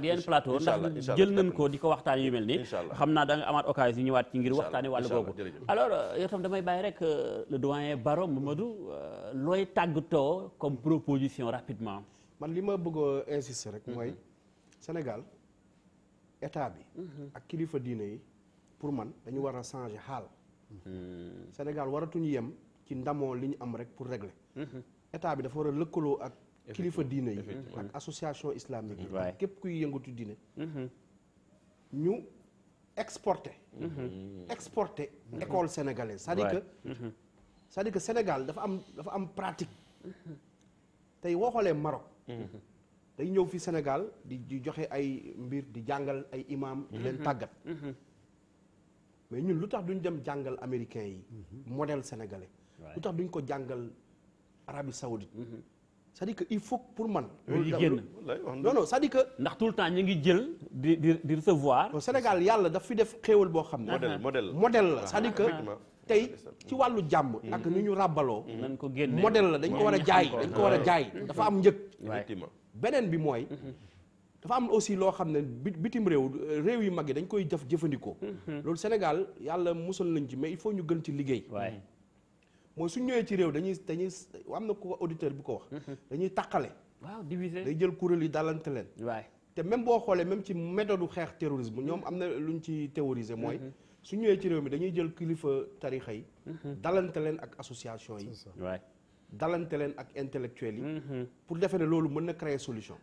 ñëwaat yeneen plateau ndax jël nañ ko di ko waxtaane yu mel ni xam naa da nga amaat occasion ñëwaat ci ngir waxtaane wàllu googu alors euh, yow tam damay bàyyi rek euh, le doyen Baro euh, looy tàggatoo comme proposition rapidement man li ma bëgg a insister rek mooy mhm. Sénégal état bi mhm. ak kilifa diine yi pour man dañu war a changer xaal mhm. Sénégal waratuñu yem ci ndamoo li ñu am rek pour régler état bi dafa war a lëkkaloo ak kilifa diine yi ak association islamique yi ak képp kuy yëngatu diine mm-hmm. ñu exporté mm-hmm. exporté mm-hmm. école sénégalaise c'est-à-dire que cest à Sénégal dafa am dafa am pratique tey woo xoolee Maroc day ñëw fi Sénégal di di joxe ay mbir di jàngal ay imam di leen tàggat mais ñun lu tax duñ dem jàngal américain yi modèle sénégalais lu tax duñ ko jàngal Arabie Saoudite cest à il faut pour man. loolu génn non non que. ndax tout temps ñu ngi jël di di di recevoir. Sénégal yàlla daf fi def xéewal boo xam ne. modèle modèle modèle la c'est-à-dire tey ci wàllu jàmb ak ni ñu ràbbaloo nañ ko génne modèle la dañ ko war a jaay dañ ko war a jaay dafa am njëg beneen bi mooy dafa am aussi loo xam ne bitim réew réew yu mag yi dañ koy jëf jëfandikoo mhm. loolu Sénégal yàlla musal nañ ci may il faut ñu gën ci liggéey mooy suñ ñëwee ci réew dañuy dañuy am na ko auditeur bi ko wax mm-hmm. dañuy taqale waaw diviser day jël kuréel yi dalante leen waay te même boo xoolee même ci méthode xeex terrorisme mm-hmm. ñoom am na lu ñu ci théoriser mooy mm-hmm. su ñëwee ci réew mi dañuy jël kilifa tarixa yi dalante leen ak association yi dans ak intellectuel mhm. pour défendre ne loolu solution.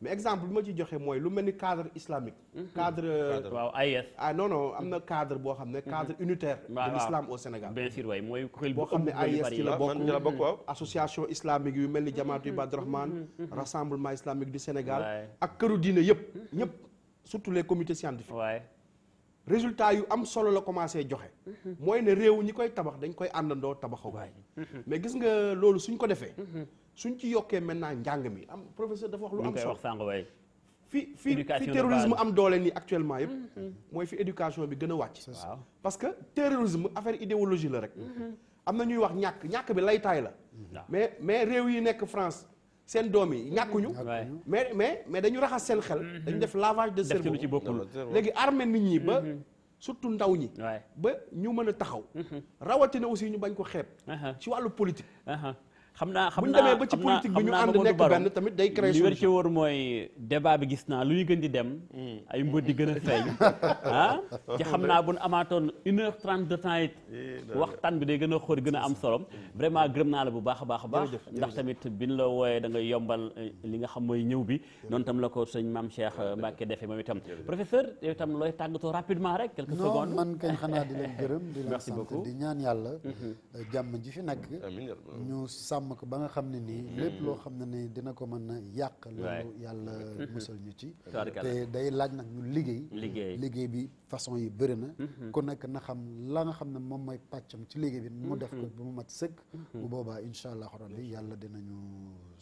mais exemple moi ma ci joxe mooy lu cadre islamique. Mhm. cadre ah non non am cadre bo xamné mhm. cadre unitaire. de l'islam au Sénégal. bien sûr waay moi kuréel boo xam il AIS ci la bokk association islamique yu melni jamaatu Ibad rassemblement islamique du Sénégal. ak këru dine yep ñëpp surtout les comités scientifiques. résultat yu am solo la commencé joxe. mooy ne réew ñi koy tabax dañ koy àndandoo tabaxuwaay. mais gis nga loolu suñ ko defee. suñ ci yokkee maintenant njàng mi am professeur dafa wax lu am solo fi fi fi terrorisme am doole nii actuellement yëpp. Mm-hmm. mooy fi éducation bi gën a wàcc. parce que terrorisme affaire idéologie la rek. Mm-hmm. am na ñuy wax ñàkk ñàkk bi laytaay la. Mm-hmm. mais mais réew yi nekk France. seen doom yi ñàkkuñu. mais mais mais dañu raxas seen xel. Mhm. dañu def lavage de cerveau ci bokkul léegi armé nit ñi ba. Mhm. surtout ndaw ñi. ba ñu mën a taxaw. Mhm. rawatina aussi ñu bañ ko xeeb. Uh-huh. ci wàllu politique. Uh-huh. xam naa xam naa bu nekk benn tamit day ci wóor mooy débat bi gis naa lu ñu gën di dem hmm. ay mbër di gën a feeñ [laughs] ah ci xam naa bu ñu amaatoon une heure trente de temps it eh, waxtaan bi day gën a xool gën a am solo hmm. vraiment gërëm naa la bu baax a baax a baax ndax tamit biñ la wooyee da nga yombal eh, li nga xam mooy ñëw bi noonu tam la ko sëñ maam Cheikh Mbacke defee moom itam professeur yow itam looy tàggatoo rapidement rek quelques secondes non man kañ xanaa di leen gërëm di [laughs] ma ko ba nga xam ne nii mm. lépp loo xam ne ni dina ko mën a yàq loolu yàlla mm-hmm. musal ñu ci te day laaj nag ñu liggéey liggéey bi façon yi bëri na mm-hmm. ku nekk na xam la nga xam ne moom mooy pàccam ci liggéey bi mu def ko mm-hmm. ba mu mat sëkk bu boobaa incha allah rabbi yàlla dinañu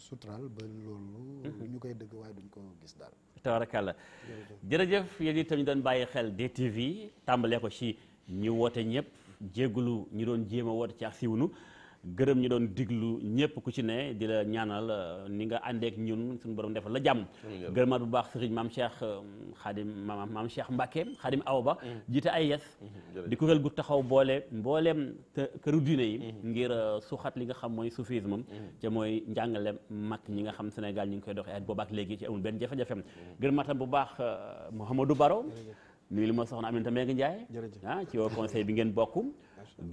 suturaal ba loolu ñu koy dëgg waaye duñ ko gis daal tabarakallah jërëjëf yéen itam ñu doon bàyyi xel DTV tàmbalee ko ci ñu woote ñëpp jéggulu ñu doon jéem a woote ci ak siwunu gërëm ñu doon diglu ñepp ku ci ne di la ñaanal euh, ni nga ak ñun suñu borom defal la jàmm gërëmaat bu baax serigne mam cheikh euh, khadim mam cheikh mbàkke khadim awba jité ay yes di kuréel gu taxaw boole te këru diiné yi ngir euh, xat li nga xam moy soufisme ci moy njàngale mak ñi nga xam Sénégal ñi ngi koy doxee at bobak légui ci amul benn jafe-jafe gërëmaatam bu baax mohamadou Baro nuyu li ma soxna ah, ci conseil bi ngeen bokku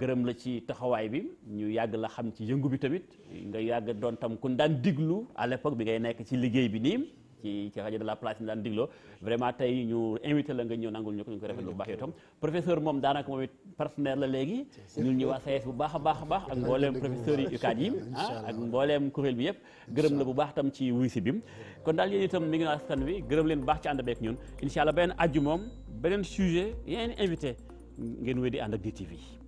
gërëm la ci taxawaay bi ñu yàgg la xam ci yëngu bi tamit nga yàgg doon tam kun daan diglu à l'époque bi ngay nekk ci liggéey bi nii ci ci rajo la place ni daan digloo vraiment tey la nga ñëw nangul ñu ko ñu ko rafetlu bu baax itam professeur moom daanaka moom it partenaire la léegi ñun ñu waa SAES bu baax a baax a baax ak mbooleem professeurs yi UCAD yi ah ak mbooleem kuréel bi yëpp gërëm la bu baax itam ci wuy bi kon daal yéen itam mi ngi askan wi gërëm leen bu baax ci ànd beek ñun incha allah